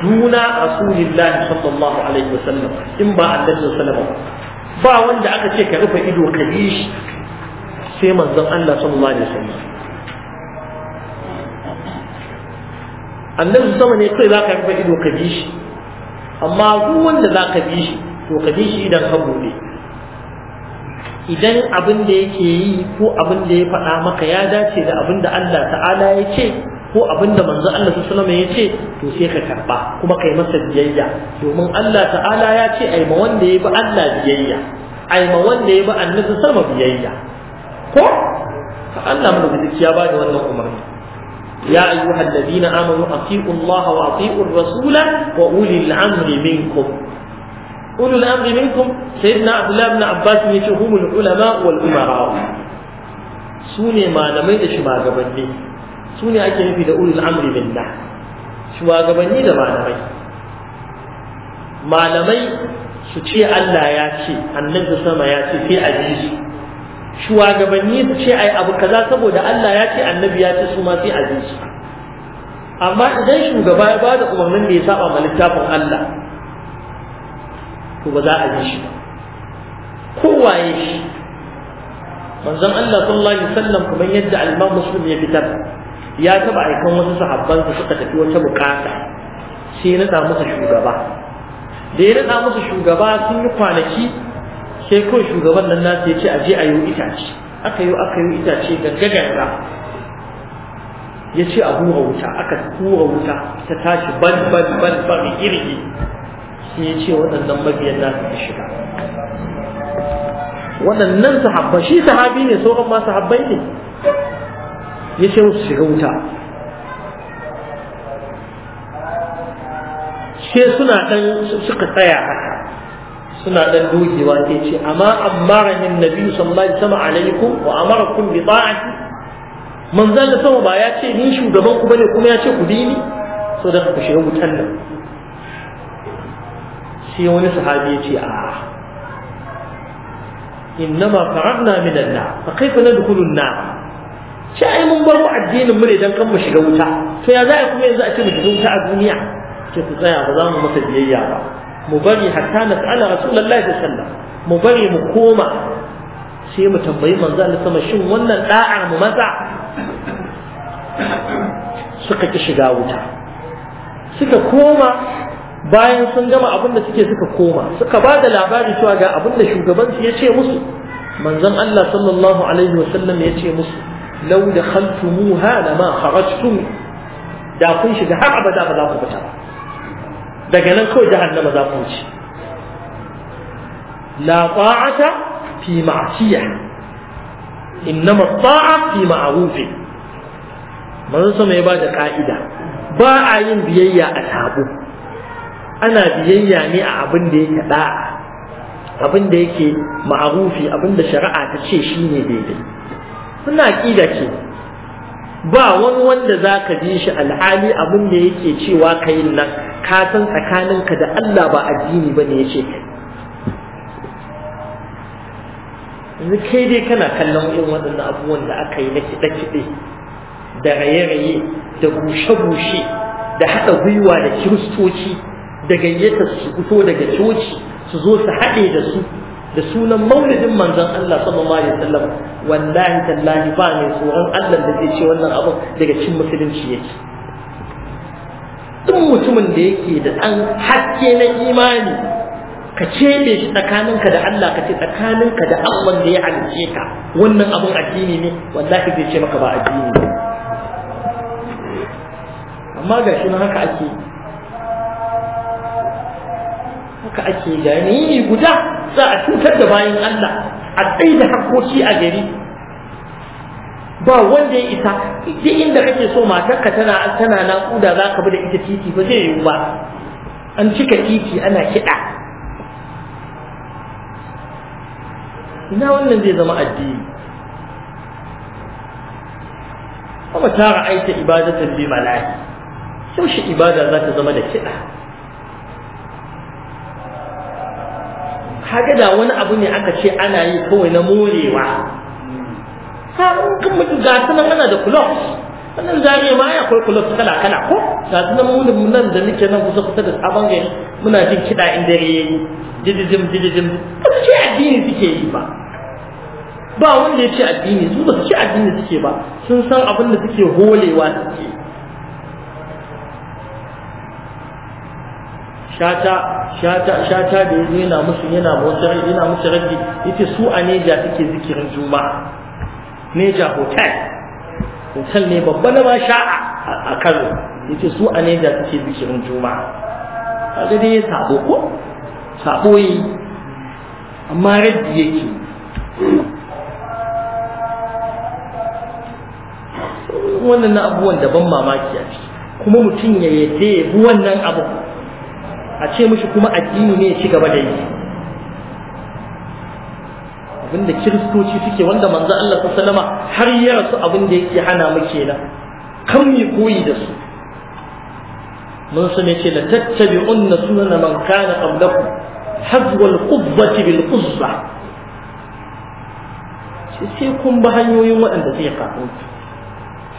duna rasulillahi sallallahu alaihi wasallam in ba a ba wanda aka ce ka rufe ido ka yi shi sai manzon Allah sallallahu alaihi wasallam annabi sama ne kai zaka rufe ido ka bi shi amma duk wanda zaka bi shi to ka bi shi idan ka bude idan abin da yake yi ko abin da ya faɗa maka ya dace da abin da Allah ta'ala ya ce ko abin da manzo Allah sallallahu alaihi wasallam ya ce to sai ka karba kuma kai masa biyayya domin Allah ta'ala ya ce ai ma wanda ya Allah biyayya ai ma wanda ya bi annabi sama biyayya ko Allah mu da ya ba da wannan umarni ya ayyuhal ladina amanu atiu Allah wa atiu rasula wa ulil amri minkum ulul amri minkum sayyidina Abdullah ibn Abbas ne ce humul ulama wal umara su malamai da shugabanni Sune ne ake nufi da ulul amri billah shugabanni da malamai malamai su ce Allah ya ce annabi sama ya ce sai a ji su shugabanni su ce ai abu kaza saboda Allah ya ce annabi ya ce su ma sai a ji su amma idan shugaba ya bada umarnin da ya saba ma littafin Allah to ba za a ji shi ba kowaye shi manzon Allah sallallahu alaihi wasallam kamar yadda al-Imam Muslim ya fitar ya taba aikan wasu sahabban su suka tafi wata bukata sai ya nada musu shugaba da ya nada musu shugaba sun yi kwanaki sai kawai shugaban nan nasu ya ce a je a yi itace aka yi aka yi itace gaggagarra ya ce a hura wuta aka hura wuta ta tashi ban ban ban ban girgi sai ya ce waɗannan mabiyan nasu su shiga waɗannan sahabba shi sahabi ne sauran ma sahabbai ne ya ce musu shiga wuta sai suna ɗan suka tsaya haka suna dan dogewa sai ce amma ammarani annabi sallallahu alaihi wasallam alaikum wa amarakum bi ta'ati manzon da sama ba ya ce ni shugaban ku bane kuma ya ce ku bi ni so da ku shiga wutan nan sai wani sahabi ya ce a innama faragna min an-nar fa kaifa nadkhulu an-nar shi ai mun baro addinin mu ne dan kan mu shiga wuta to ya za a kuma yanzu a ce mu shiga wuta a duniya ce ku tsaya ba za mu masa biyayya ba mu bari hatta nas'ala rasulullahi sallallahu alaihi wasallam mu bari mu koma sai mu tambayi manzo Allah sama shin wannan da'ar mu maza suka ki shiga wuta suka koma bayan sun gama abin da suke suka koma suka ba da labari cewa ga abin da shugabansu ya ce musu manzon Allah sallallahu alaihi wasallam ya ce musu law dakhaltumuha lama kharajtum da kun shiga har abada ba za ku fita ba daga nan kawai jahannama za ku wuce la ta'ata fi ma'siyah innama ta'a fi ma'ruf manzo sama ya ba da ka'ida ba a yin biyayya a sabo ana biyayya ne a abin da yake da'a abin da yake ma'arufi abin da shari'a ta ce shine daidai suna ƙida ce ba wani wanda za ka ji shi alhali abin da yake cewa ka yin nan ka san tsakaninka da Allah ba addini ba ne ya ce yanzu kai dai kana kallon irin waɗannan abubuwan da aka yi na kiɗe-kiɗe da raye-raye da bushe-bushe da haɗa gwiwa da kiristoci da gayyatar su fito daga coci su zo su haɗe da su da sunan maulidin manzon Allah sallallahu alaihi wasallam wallahi tallahi ba ne tsoron Allah da zai ce wannan abu daga cikin musulunci yake duk mutumin da yake da ɗan haske na imani ka cebe shi tsakaninka da Allah ka ce tsakaninka da Allah da ya halice ka wannan abun addini ne wallahi zai ce maka ba addini ne amma ga shi haka ake haka ake gani guda za a cutar da bayan Allah a ɗai da hakkoki a gari ba wanda ya isa duk inda kake so matarka tana tana naƙuda za ka bi da ita titi ba zai yiwu ba an cika titi ana kiɗa ina wannan zai zama addini kuma ta ra'aita ibadatan bi mala'i yaushe ibada za ta zama da kiɗa kaga da wani abu ne aka ce ana yi kawai na morewa ha kan mutu ga sanan ana da kulof. wannan zariya ma ya kai kulof kala kala ko ga sanan mu nan da muke nan kusa kusa da sabon gari muna jin kiɗa in dare yayi jijijim jijijim ba su ce addini suke yi ba ba wanda ya ce addini su ba su ce addini suke ba sun san abin da suke holewa suke shata shata shata da yanzu yana musu yana musu yana musu raddi yace su a neja take zikirin juma, neja hotel hotel ne babba na ma a Kano yace su a neja take zikirin juma kaga dai sabo ko sabo yi amma raddi yake wannan abubuwan da ban mamaki a ciki kuma mutum ya yadda ya bi wannan abu a ce mishi kuma addini ne ya ci gaba da yi abinda kiristoci suke wanda manzo Allah sallama har ya rasu abin da yake hana mu kenan kan mu koyi da su mun san yace la tattabi'unna sunana man kana qablakum hazwa qubbati bil qubba sai kun ba hanyoyin waɗanda zai kafin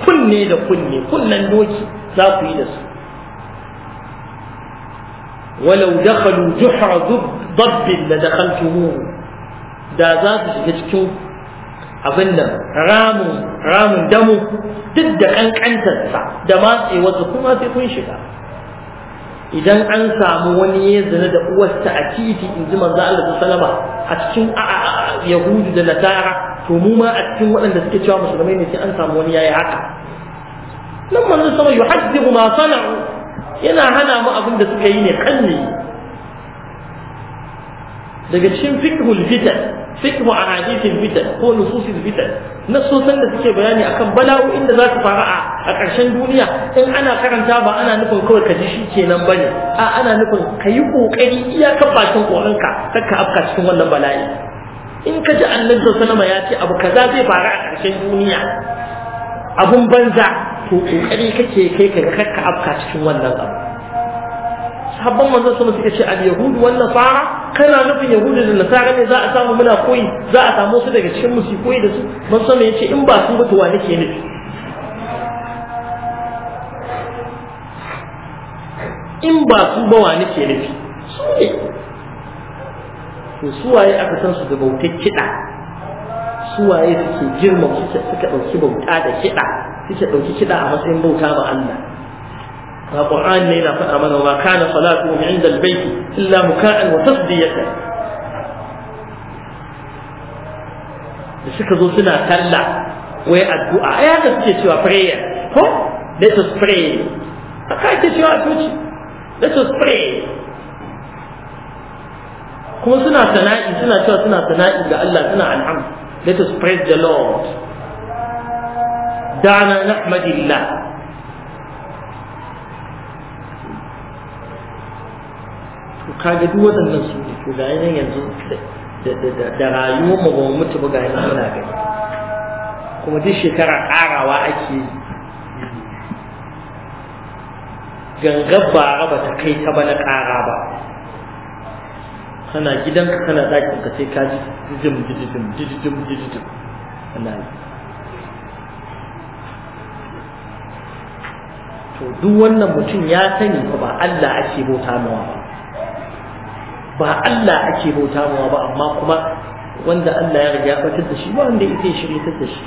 kunne da kunne kunnen doki za ku yi da su walau dakhalu juhra dabbin la dakhaltumuhu da za su shiga cikin abin nan ramun ramun damu duk da kankantarsa da matse wasu kuma sai kun shiga idan an samu wani ya zana da uwarsa a titi in ji manzo Allah sallama a cikin yahudu da nasara to mu ma a cikin waɗanda suke cewa musulmai ne sai an samu wani yayi haka nan manzo sama yuhaddibu ma sana'u yana hana mu abin da suka yi ne kan ne daga cikin fikhul fitan fikhu ahadithil fitan ko nususil fitan nasosan da suke bayani akan bala'o'in da za su faru a ƙarshen duniya in ana karanta ba ana nufin kawai ka ji shi kenan bane a ana nufin ka yi ƙoƙari iyakar bakin ƙoƙarinka kar ka afka cikin wannan bala'i in ka ji annabi sallallahu alaihi ya ce abu kaza zai faru a ƙarshen duniya abun banza to kokari kake kai ka kakka afka cikin wannan abu Sabon manzo sun suka ce al yahudu wal nasara kana nufin yahudu da nasara ne za a samu muna koyi za a samu su daga cikin musu koyi da su ban sama yace in ba sun wa nake ne in ba su ba wa nake ne su ne to suwaye aka san su da bautar kiɗa suwaye suke girma suka ɗauki bauta da kiɗa suke ɗauki kiɗa a matsayin bauta ma Allah ba Qur'an ne yana faɗa mana wa kana salatu min inda albayt illa muka'an wa tasdiyatan da suka zo suna talla wai addu'a ai ga suke cewa prayer ko let us pray kai ake cewa a coci let us pray kuma suna sana'i suna cewa suna sana'i ga Allah suna alhamdu Let us praise the Lord. دعنا نحمد الله kaga duk waɗannan su ne to ga yanayin yanzu da rayuwar mu ba mu mutu ba ga yanayin muna gani kuma duk shekara ƙarawa ake yi gangar bara ba ta kai ta bana ƙara ba kana gidanka kana ɗakin ka sai ka ji jijim jijim jijim jijim ana yi to duk wannan mutum ya sani fa ba Allah ake bauta mawa ba ba Allah ake bauta mawa ba amma kuma wanda Allah ya riga fatar da shi ba wanda yake shirye ta da shi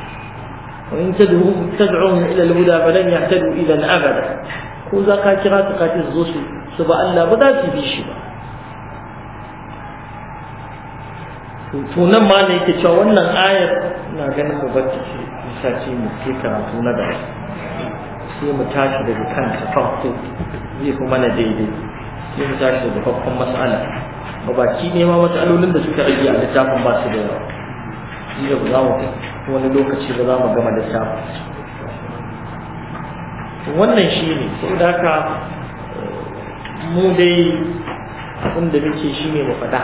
wa in tad'uhum tad'uhum ila al-huda falan yahtadu ila al-abada ko za ka kira su ka ce zo su ba Allah ba za su bi shi ba to nan ma ne yake cewa wannan ayar na ganin mu bacci ce isa ce mu ke karatu na da sai mu tashi daga kanta farko zai kuma na daidai sai mu tashi daga babban matsala ba ne ma matsalolin da suka rage a littafin ba su da yawa shi da za mu wani lokaci ba za mu gama ta wannan shi ne da haka eh, mu dai abin da muke shi ne mu faɗa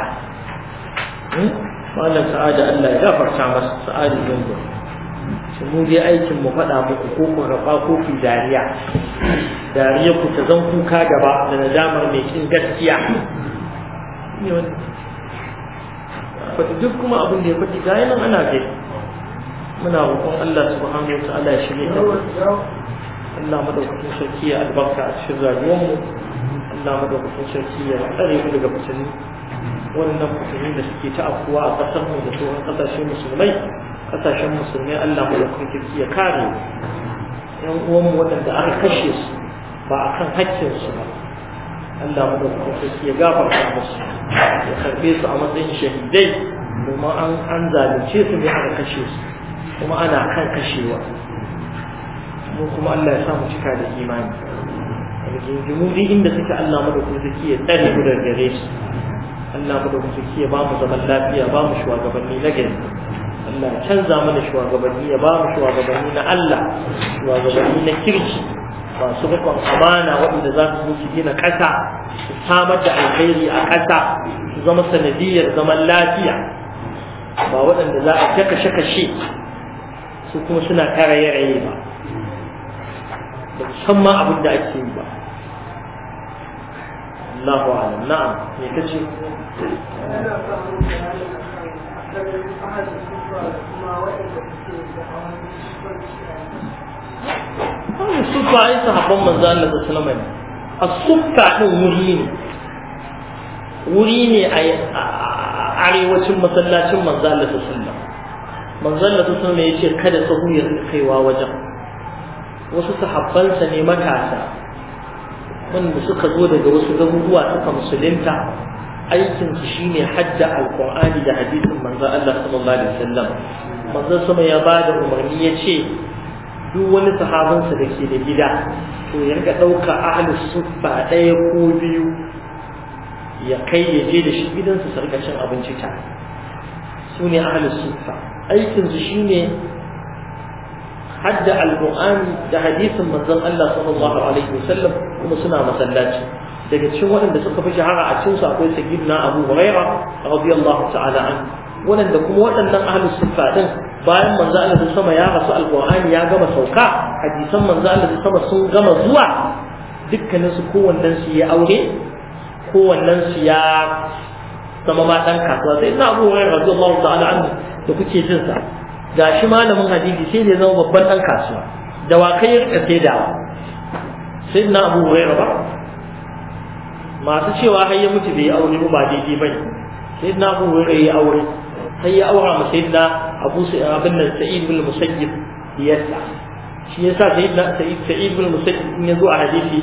hmm? malam sa'ada Allah ya gafarta masa sa'adu zango shi mun dai aikin mu faɗa muku ko ku rafa ko ku dariya dariya ku ta zan kuka gaba da nadamar mai kin gaskiya fata duk kuma abin da ya faɗi ga yanan ana gani muna roƙon Allah subhanahu wa ta'ala ya shirye da Allah madaukakin sarki ya albarka a cikin rayuwar mu Allah madaukakin sarki ya tsare mu daga fitinin Wannan musulmi da suke ta afkuwa a ƙasar mu da sauran ƙasashen musulmai ƙasashen musulmai Allah mu da kirki ya kare yan uwan mu waɗanda aka kashe su ba a kan haƙƙin su ba Allah mu da kirki ya gafarta musu ya karɓe su a matsayin shahidai domin an an zalunce su ne aka kashe su kuma ana kan kashewa mu kuma Allah ya sa mu cika da imani rigingimu duk inda suke, Allah madaukakin sarki ya tsare mu daga gare su Allah mu da kusurki ya bamu zaman lafiya ba mu shugabanni na gari Allah ya canza mana shugabanni ya ba shugabanni na Allah shugabanni na kirki masu rikon amana waɗanda za su gina ƙasa su samar da alheri a ƙasa su zama sanadiyar zaman lafiya ba waɗanda za a kashe kashe su kuma suna kare raye ba ba san abin da ake yi ba Allahu alam me kace Wani sufa ai sahabban manzo A ɗin wuri ne. a arewacin masallacin manzo Allah da sallama. Manzo Allah kada sahu ya kaiwa wajen. Wasu sahabbansa ne matasa wanda suka zo daga wasu garuruwa suka musulunta aikin su shine hadda alqur'ani da hadisin manzon Allah sallallahu alaihi wasallam sama ya bada umarni ya ce duk wani sahabansa da ke da gida to ya rika dauka ahlus ɗaya ko biyu ya kai ya je da shi gidansa sarkacin abinci ta su ne ahlus sufa. aikin su shine حد على القرآن تحديث من ذن الله صلى الله عليه وسلم ومسنا مسلاج دقت شو وين بس كيف جاء عتوس أقول سجدنا أبو هريرة رضي الله تعالى عنه وين دكم وين ذن أهل الصفات بعد من ذن الله سما يا رسول القرآن يا جم سوكا حديث من ذن الله سما سو جم زوا دك الناس كون الناس يا أوري كون الناس يا سما ما تنكث وزي نبو هريرة رضي الله تعالى عنه دكتي جزء ga shi malamin hadisi sai da zama babban ɗan kasuwa da wa kai rika sai da sai na abu hurairu ba masu cewa har ya mutu bai aure ba daidai ba ne sai na abu hurairu ya aure sai ya aura ma sai na abu abin nan sa'id bin musayyib yasa shi yasa sai na sa'id bin musayyib in ya zo a hadisi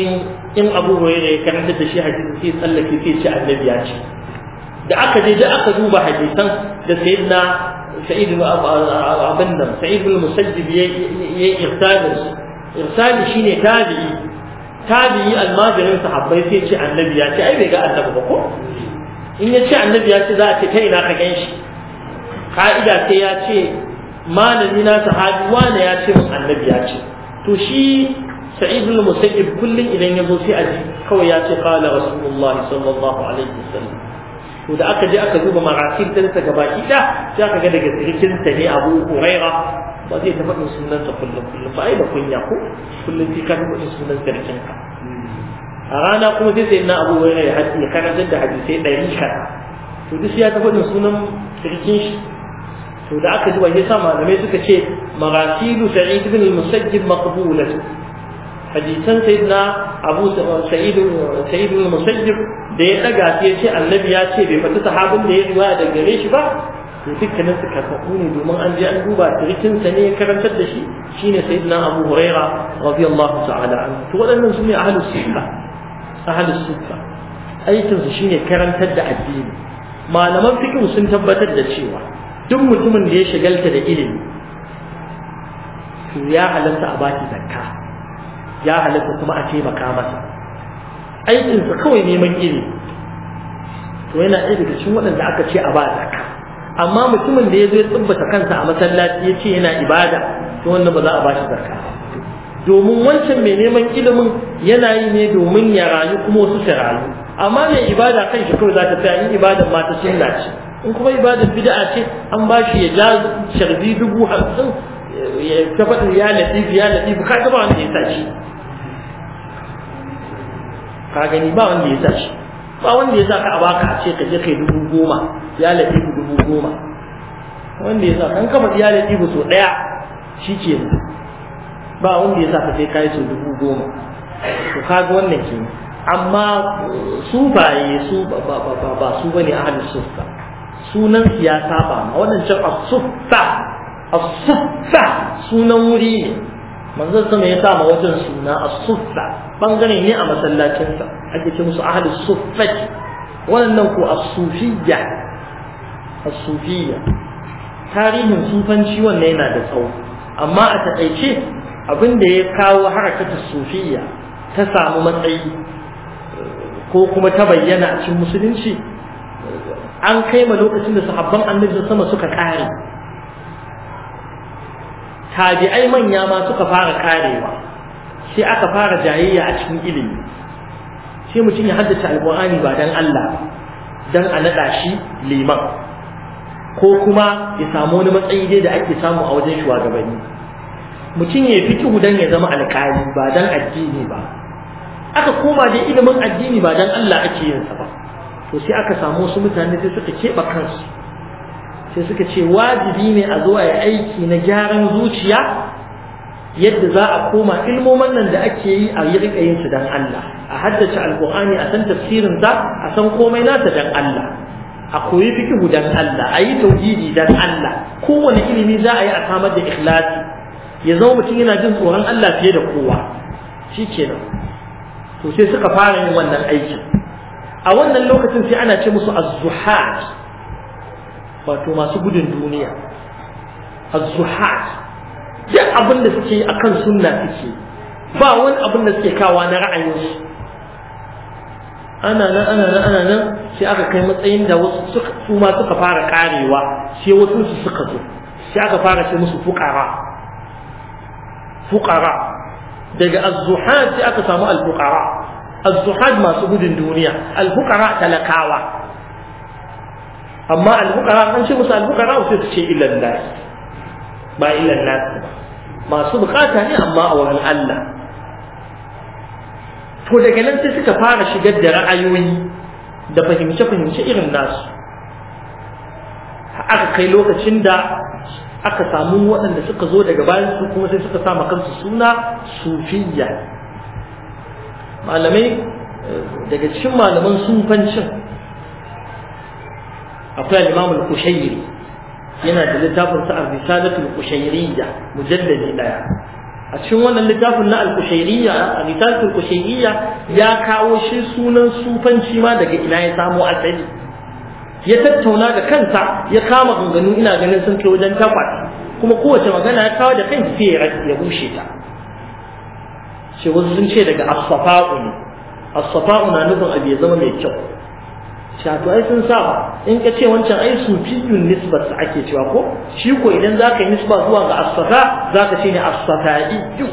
in in abu hurairu ya karanta da shi hadisi sai tsallake sai ce annabi ya ce da aka je da aka duba hadisan da sayyidina sa'id abin nan sa'id al-musajjib ya irtali irtali shine tabi'i tabi'i almajirin sahabbai sai ce annabi ya ce ai bai ga annabi ba ko in ya ce annabi ya ce za a ce kai na ka ganshi ka'ida sai ya ce malami na sahabi wane ya ce mun annabi ya ce to shi sa'id al-musajjib idan ya zo sai a ji kawai ya ce qala to da aka je aka duba maratin ɗinsa gabaki ɗaya sai aka ga daga sirikinsa ne abu huraira ba zai ta faɗin sunansa kullum kullum ba ai da kunya ko kullum sai ka faɗin sunan sarkinka a rana kuma sai sai na abu wani ya karantar da hadisai ɗari kaza to duk ya ta faɗin sunan sarkin shi to da aka zuwa ya sa malamai suka ce marasilu sa'id ibn al-musajjid maqbulatu hadisan sayyidina Abu Sa'id Sa'id al-Musayyib da ya daga sai ya ce annabi ya ce bai fata sahabin da ya riwaya da gare shi ba to dukkanin su karfafu ne domin an je an duba tirikin sa ne ya karantar da shi shine sayyidina Abu Huraira radiyallahu ta'ala anhu to waɗannan su ne ahlus sunna ahlus sunna aikin su shine karantar da addini malaman fiqh sun tabbatar da cewa duk mutumin da ya shagalta da ilimi to ya halatta a baki zakka ya halatta kuma a taimaka masa aikinsa kawai neman ilimi to yana ɗaya daga cikin waɗanda aka ce a ba zakka amma mutumin da ya zo ya tsubbata kansa a masallaci ya ce yana ibada to wannan ba za a ba shi zakka domin wancan mai neman ilimin yana yi ne domin ya rayu kuma wasu su rayu amma mai ibada kan shi kawai za ta tsaya in ibadan ma ta sunna ce in kuma ibadan bid'a ce an ba shi ya ja sharbi dubu hamsin ya tabbatar ya latif ya latif ka ga ba wanda ya sa ka gani ba wanda ya sa shi ba wanda ya sa ka a baka a ce ka je kai dubu goma ya ku dubu goma wanda ya sa kan kama ya ku so ɗaya shi ke ba wanda ya sa ka je kai so dubu goma to ka ga wannan ke amma su baye su ba su bane ahlus sufa sunan siyasa ba ma wannan a sufta suffa as sunan wuri ne manzon sama ya sa ma wajen suna a sufta. bangare ne a masallacinsa ake ce musu ahli suffati wannan ko as-sufiyya as-sufiyya tarihin sufanci wannan yana da tsawo amma a taƙaice abin da ya kawo harakata sufiyya ta samu matsayi ko kuma ta bayyana a cikin musulunci an kai ma lokacin da sahabban annabi sama suka kare tabi'ai manya ma suka fara karewa sai aka fara jayayya a cikin ilimi sai mutum ya haddace alkur'ani ba dan Allah dan a naɗa shi liman ko kuma ya samu wani matsayi dai da ake samu a wajen shugabanni mutum ya fikihu dan ya zama alƙali ba dan addini ba aka koma da ilimin addini ba dan Allah ake yin sa ba to sai aka samu wasu mutane sai suka keɓa kansu sai suka ce wajibi ne a zuwa ya aiki na gyaran zuciya yadda za a koma ilmomin nan da ake yi a yi rika yin su dan Allah a haddace alqur'ani a san tafsirin sa a san komai nasa dan Allah a koyi fikihu dan Allah a yi tauhidi dan Allah kowane ilimi za a yi a samar da ikhlasi ya zama mutum yana jin tsoron Allah fiye da kowa shikenan to sai suka fara yin wannan aikin a wannan lokacin sai ana ce musu az-zuhat wato masu gudun duniya az-zuhat duk abin da suke yi akan sunna suke ba wani abin da suke kawa na ra'ayin su ana nan ana nan ana nan sai aka kai matsayin da wasu su ma suka fara karewa sai wasu su suka zo sai aka fara ce musu fuqara fuqara daga az-zuhad sai aka samu al-fuqara az-zuhad masu gudun duniya al-fuqara talakawa amma al alfukara an ce musu alfukara sai su ce ilan nas ba ilan nas ba masu bukata ne amma a wurin Allah to daga nan sai suka fara shigar da ra'ayoyi da fahimce-fahimce irin nasu aka kai lokacin da aka samu waɗanda suka zo daga bayan su kuma sai suka sama kansu suna Sufiya. malamai daga cikin malaman sufancin akwai al-imamul kushayri yana da littafin sa ar qushayriyya mujalladi daya a cikin wannan littafin na al-qushayriyya ar qushayriyya ya kawo shi sunan sufanci ma daga ina ya samo asali ya tattauna da kansa ya kama ganganu ina ganin sun kai wajen takwas kuma kowace magana ya kawo da kansa sai ya bushe ta ce wasu sun ce daga as-safa'u as-safa'u na nufin abu ya zama mai kyau shato ai sun saba in ka ce wancan ai sufiyun nisbat ake cewa ko shi ko idan za ka yi nisba zuwa ga asfata za ka ce ne asfata'iyyu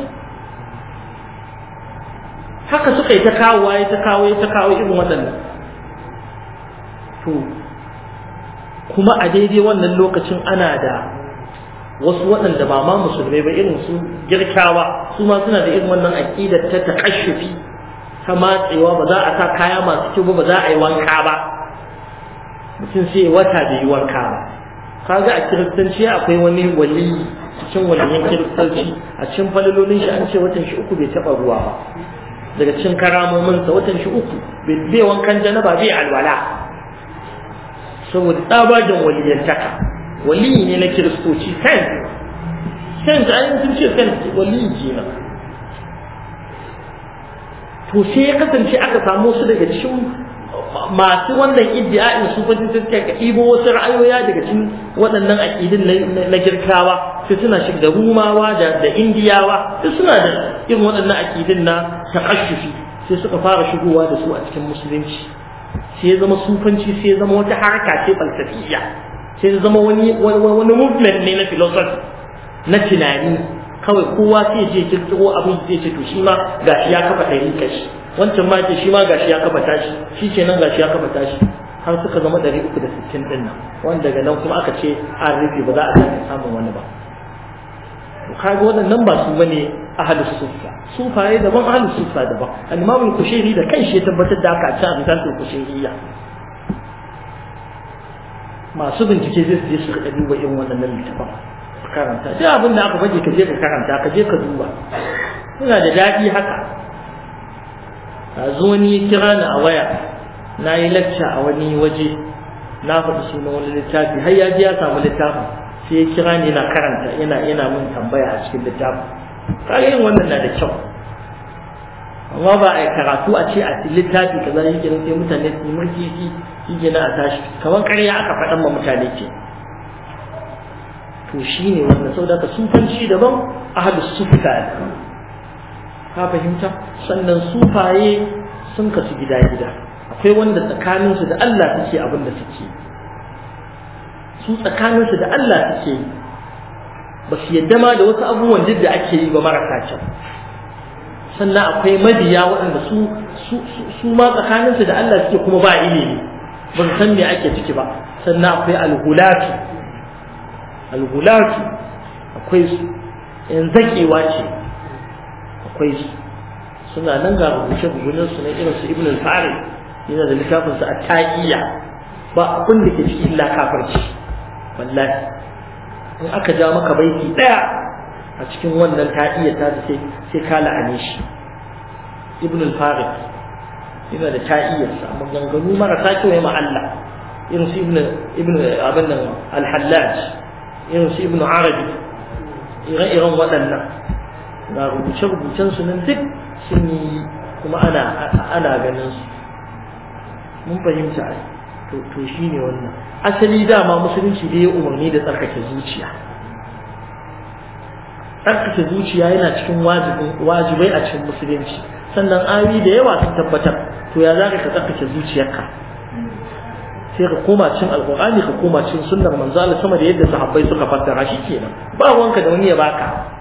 haka suka yi ta kawo ya ta kawo ta kawo irin waɗannan to kuma a daidai wannan lokacin ana da wasu waɗanda ba ma musulmai ba irin su girkawa su ma suna da irin wannan aƙidar ta fi ta matsewa ba za a sa kaya masu kyau ba za a yi wanka ba mutum sai wata da yiwuwar kama kaga a kiristanci akwai wani wali cikin waliyan kiristanci a cikin falalolin shi an ce watan shi uku bai taba ruwa ba daga cikin karamomin sa watan shi uku bai wankan janaba bai alwala saboda tsabagen waliyantaka wali ne na kiristoci kan kan ta sun ce kan waliyi kenan to sai ya kasance aka samu su daga cikin masu wannan iddi'a'in sufanci sai suka ɗibo wasu ra'ayoya daga cikin waɗannan aƙidin na girkawa sai suna shiga rumawa da indiyawa sai suna da irin waɗannan aƙidin na taƙashufi sai suka fara shigowa da su a cikin musulunci sai ya zama sufanci sai ya zama wata harka ce falsafiya sai ya zama wani wani movement ne na philosophy na tunani kawai kowa sai ya je kirkiro abin da ya ce to shi ma gashi ya kafa ɗari kashi wancan ma ce shi ma gashi ya kafa tashi shi nan gashi ya kafa tashi har suka zama ɗari uku da sittin ɗin nan wanda daga nan kuma aka ce an rufe ba za a sake samun wani ba kaga waɗannan ba su bane ahlus sufa sufaye daban ahlus sufa daban al-imam al-kushairi da kanshi ya tabbatar da haka a cikin misalin kushairiyya masu bincike zai je su rika duba irin waɗannan littafan karanta sai abin da aka baje ka je ka karanta ka je ka duba suna da daɗi haka a zo wani ya kira ni a waya na yi lacca a wani waje na faɗi sunan wani littafi har ya ji ya samu littafin sai ya kira ni na karanta yana yana min tambaya a cikin littafin kaga yin wannan na da kyau amma ba a karatu a ce a littafi ka za a yi kenan sai mutane su yi mulki shi shi na a tashi kamar ƙarya aka faɗan ma mutane ke to shine wannan saboda ka sufanci daban ahlus sufa ka fahimta sannan sufaye sun kasu gida gida akwai wanda tsakaninsu da Allah suke abin da suke su tsakaninsu da Allah suke ba su yadda ma da wasu abubuwan duk da ake yi ba marasa can. sannan akwai mabiya waɗanda su su ma tsakaninsu da Allah suke kuma ba ilimi ba su san me ake ciki ba sannan akwai alhulatu alhulatu akwai su yan zakewa ce akwai su suna nan ga rubuce rubucen su na irin su ibn al fari yana da littafin sa at-taqiyya ba abin da ke cikin illa kafirci wallahi in aka ja maka baiti daya a cikin wannan taqiyya ta sai sai ka la'ane shi ibn al fari yana da ta'iyyar sa maganganu marasa kyau ya Allah irin su ibn ibn abin nan al-hallaj irin su ibn arabi ire-iren waɗannan ga rubuce-rubucen su nan duk sun yi kuma ana ana ganin su mun fahimta ai to to shine wannan asali dama musulunci bai ya umarni da tsarkake zuciya tsarkake zuciya yana cikin wajibai a cikin musulunci sannan ayoyi da yawa sun tabbatar to ya zaka ka tsarkake zuciyarka sai ka koma cin alkur'ani ka koma cin sunnar manzo Allah sama da yadda sahabbai suka fassara shi kenan ba wanka da wani ya baka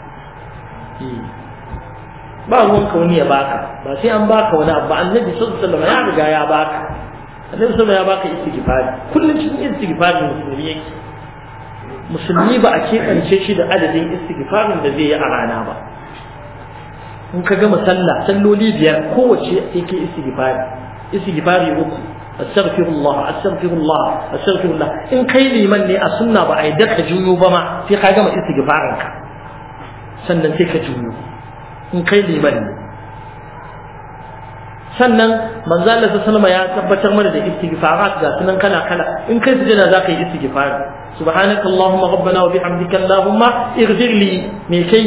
ba ruwan ka wani ya baka ba sai an baka wani abu Ba annabi sallallahu alaihi wasallam ya riga ya baka annabi sallallahu ya baka istighfari kullun cikin istighfari musulmi yake musulmi ba a keɓance shi da adadin istighfarin da zai yi a rana ba in ka gama sallah salloli biyar kowace yake istighfari istighfari uku astaghfirullah astaghfirullah astaghfirullah in kai liman ne a sunna ba a yi daka juyo ba ma sai ka gama istighfarin ka sannan sai ka juyo in kai liman ne sannan manzo Allah sallama ya tabbatar mana da istighfarat ga sunan kala kala in kai sujada yi istighfar subhanakallahumma rabbana wa bihamdika allahumma ighfir li me kai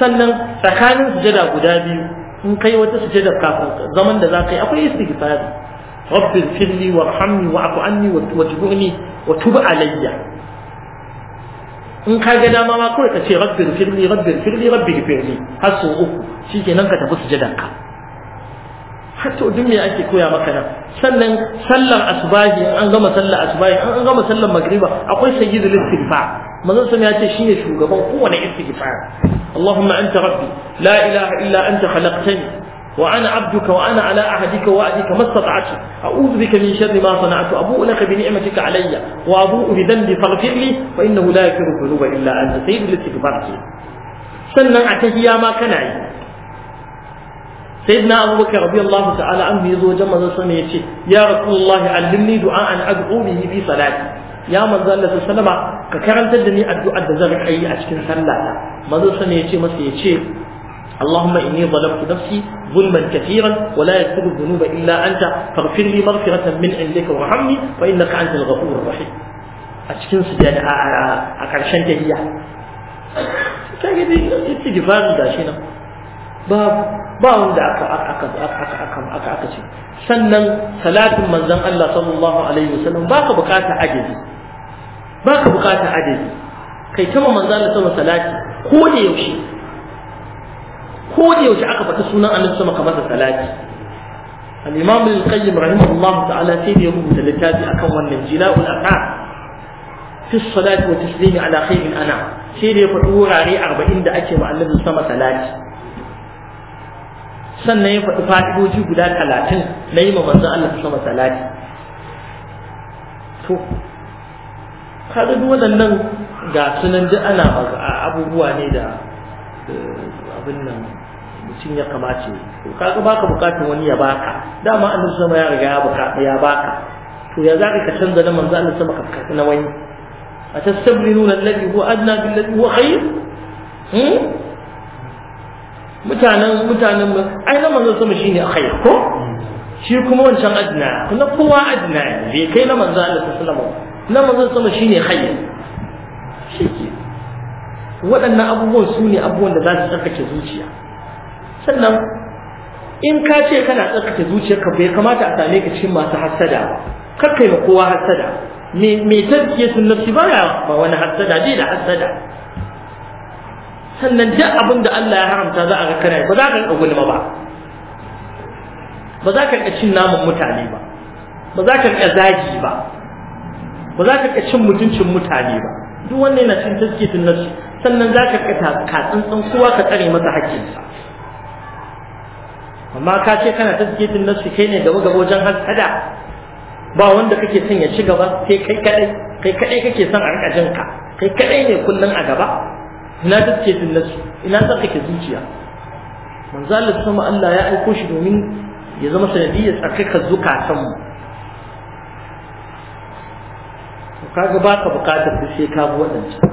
sannan tsakanin sujada guda biyu in kai wata sujada kafin zaman da zaka yi akwai istighfar rabbi firli warhamni wa'fu anni wa alayya in ka ga dama ma kawai ka ce rabbi firli rabbi firli rabbi firli har sau uku nan ka tafi sujadan ka har to me ake koya maka nan sannan sallar asbahi an gama sallar asbahi an gama sallar magriba akwai sayyidul istighfar manzon sun ya ce shine shugaban kowane istighfar Allahumma anta rabbi la ilaha illa anta khalaqtani وأنا عبدك وأنا على عهدك وعدك ما استطعت أعوذ بك من شر ما صنعت أبوء لك بنعمتك علي وأبوء بذنبي فاغفر لي فإنه لا يغفر الذنوب إلا أنت سيد الاستغفار sannan a tahiya ma kana yi sayyidina abubakar radiyallahu ta'ala an yazo wajen manzon sa ne yace ya rasulullahi allimni du'an ad'u bihi fi salati ya manzon Allah ka karantar da ni addu'ar da zan yi a cikin sallah manzon sa masa yace اللهم إني ظلمت نفسي ظلما كثيرا ولا يغفر الذنوب إلا أنت فاغفر لي مغفرة من عندك وارحمني فإنك أنت الغفور الرحيم أشكن سجادة أكرشان تهيا كاكدي داشينا باب ba wanda aka aka aka aka aka aka ce sannan salatin manzon Allah sallallahu alaihi wasallam baka bukata ajabi baka bukata ajabi kai kama manzon Allah sallallahu alaihi wasallam salati ko da yaushe ko da yaushe aka faɗi sunan annabi sama kamar da salati al-imam al-qayyim rahimahullah ta'ala sai da ya rubuta littafi akan wannan jila'ul aqab fi salati wa taslimi ala khairin ana sai da ya faɗi wurare 40 da ake ma annabi sama salati sannan ya faɗi fa'idoji guda 30 na yi ma manzon Allah sama salati to kaga duk waɗannan ga sunan duk ana abubuwa ne da eh, abin nan mutum ya kamace to kaga baka bukatun wani ya baka dama annabi sama ya riga ya bukata ya baka to ya zaka ka canza na manzo Allah sama ka na wani atastabrinuna alladhi huwa adna bil ladhi huwa khayr hmm mutanen mutanen ai na manzo sama shine khayr ko shi kuma wancan adna kuma kowa adna bai kai na manzo Allah sallallahu alaihi wasallam na manzo sama shine khayr shi ke waɗannan abubuwan su ne abubuwan da za su tsarkake zuciya sannan in ka ce kana tsarkake zuciyarka bai kamata a same ka cikin masu hassada kar kai ma kowa hassada me tarkiye sun nafsi baya ba wani hassada dai da hassada sannan duk abin da Allah ya haramta za a ga kana ba za ka ga gulma ba ba za ka ga cin naman mutane ba ba za ka ga zagi ba ba za ka ga cin mutuncin mutane ba duk wannan yana cin tazkiyatun nafsi sannan za ka ga ka tsantsan kowa ka tsare masa haƙƙinsa amma ka ce kana tazkiyatun nafsi kai ne gaba gaba wajen hasada ba wanda kake son ya ci gaba sai kai kadai kai kadai kake son a rika jin ka kai kadai ne kullun a gaba ina tazkiyatun nafsi ina tsarkake zuciya manzo Allah sama Allah ya aiko shi domin ya zama sanadiyyar tsarkaka zukatan mu ba ka bukatar da sai ka bi waɗancan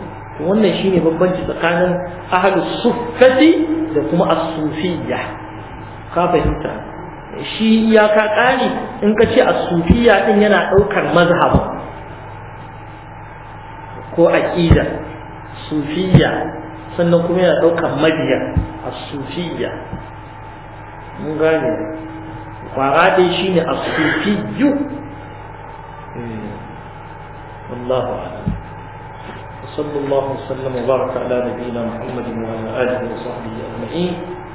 wannan shine bambanci tsakanin ahlus suffati da kuma as-sufiyya ka fahimta shi iyaka ƙari in ka ce a sufiya ɗin yana ɗaukar mazhab ko aƙida sufiya sannan kuma yana ɗaukar mabiya a sufiya mun gane kwara dai shi ne a sufiyu hmm. wallahu a'lam wa baraka ala nabiyina Muhammadin wa ala alihi wa sahbihi ajma'in.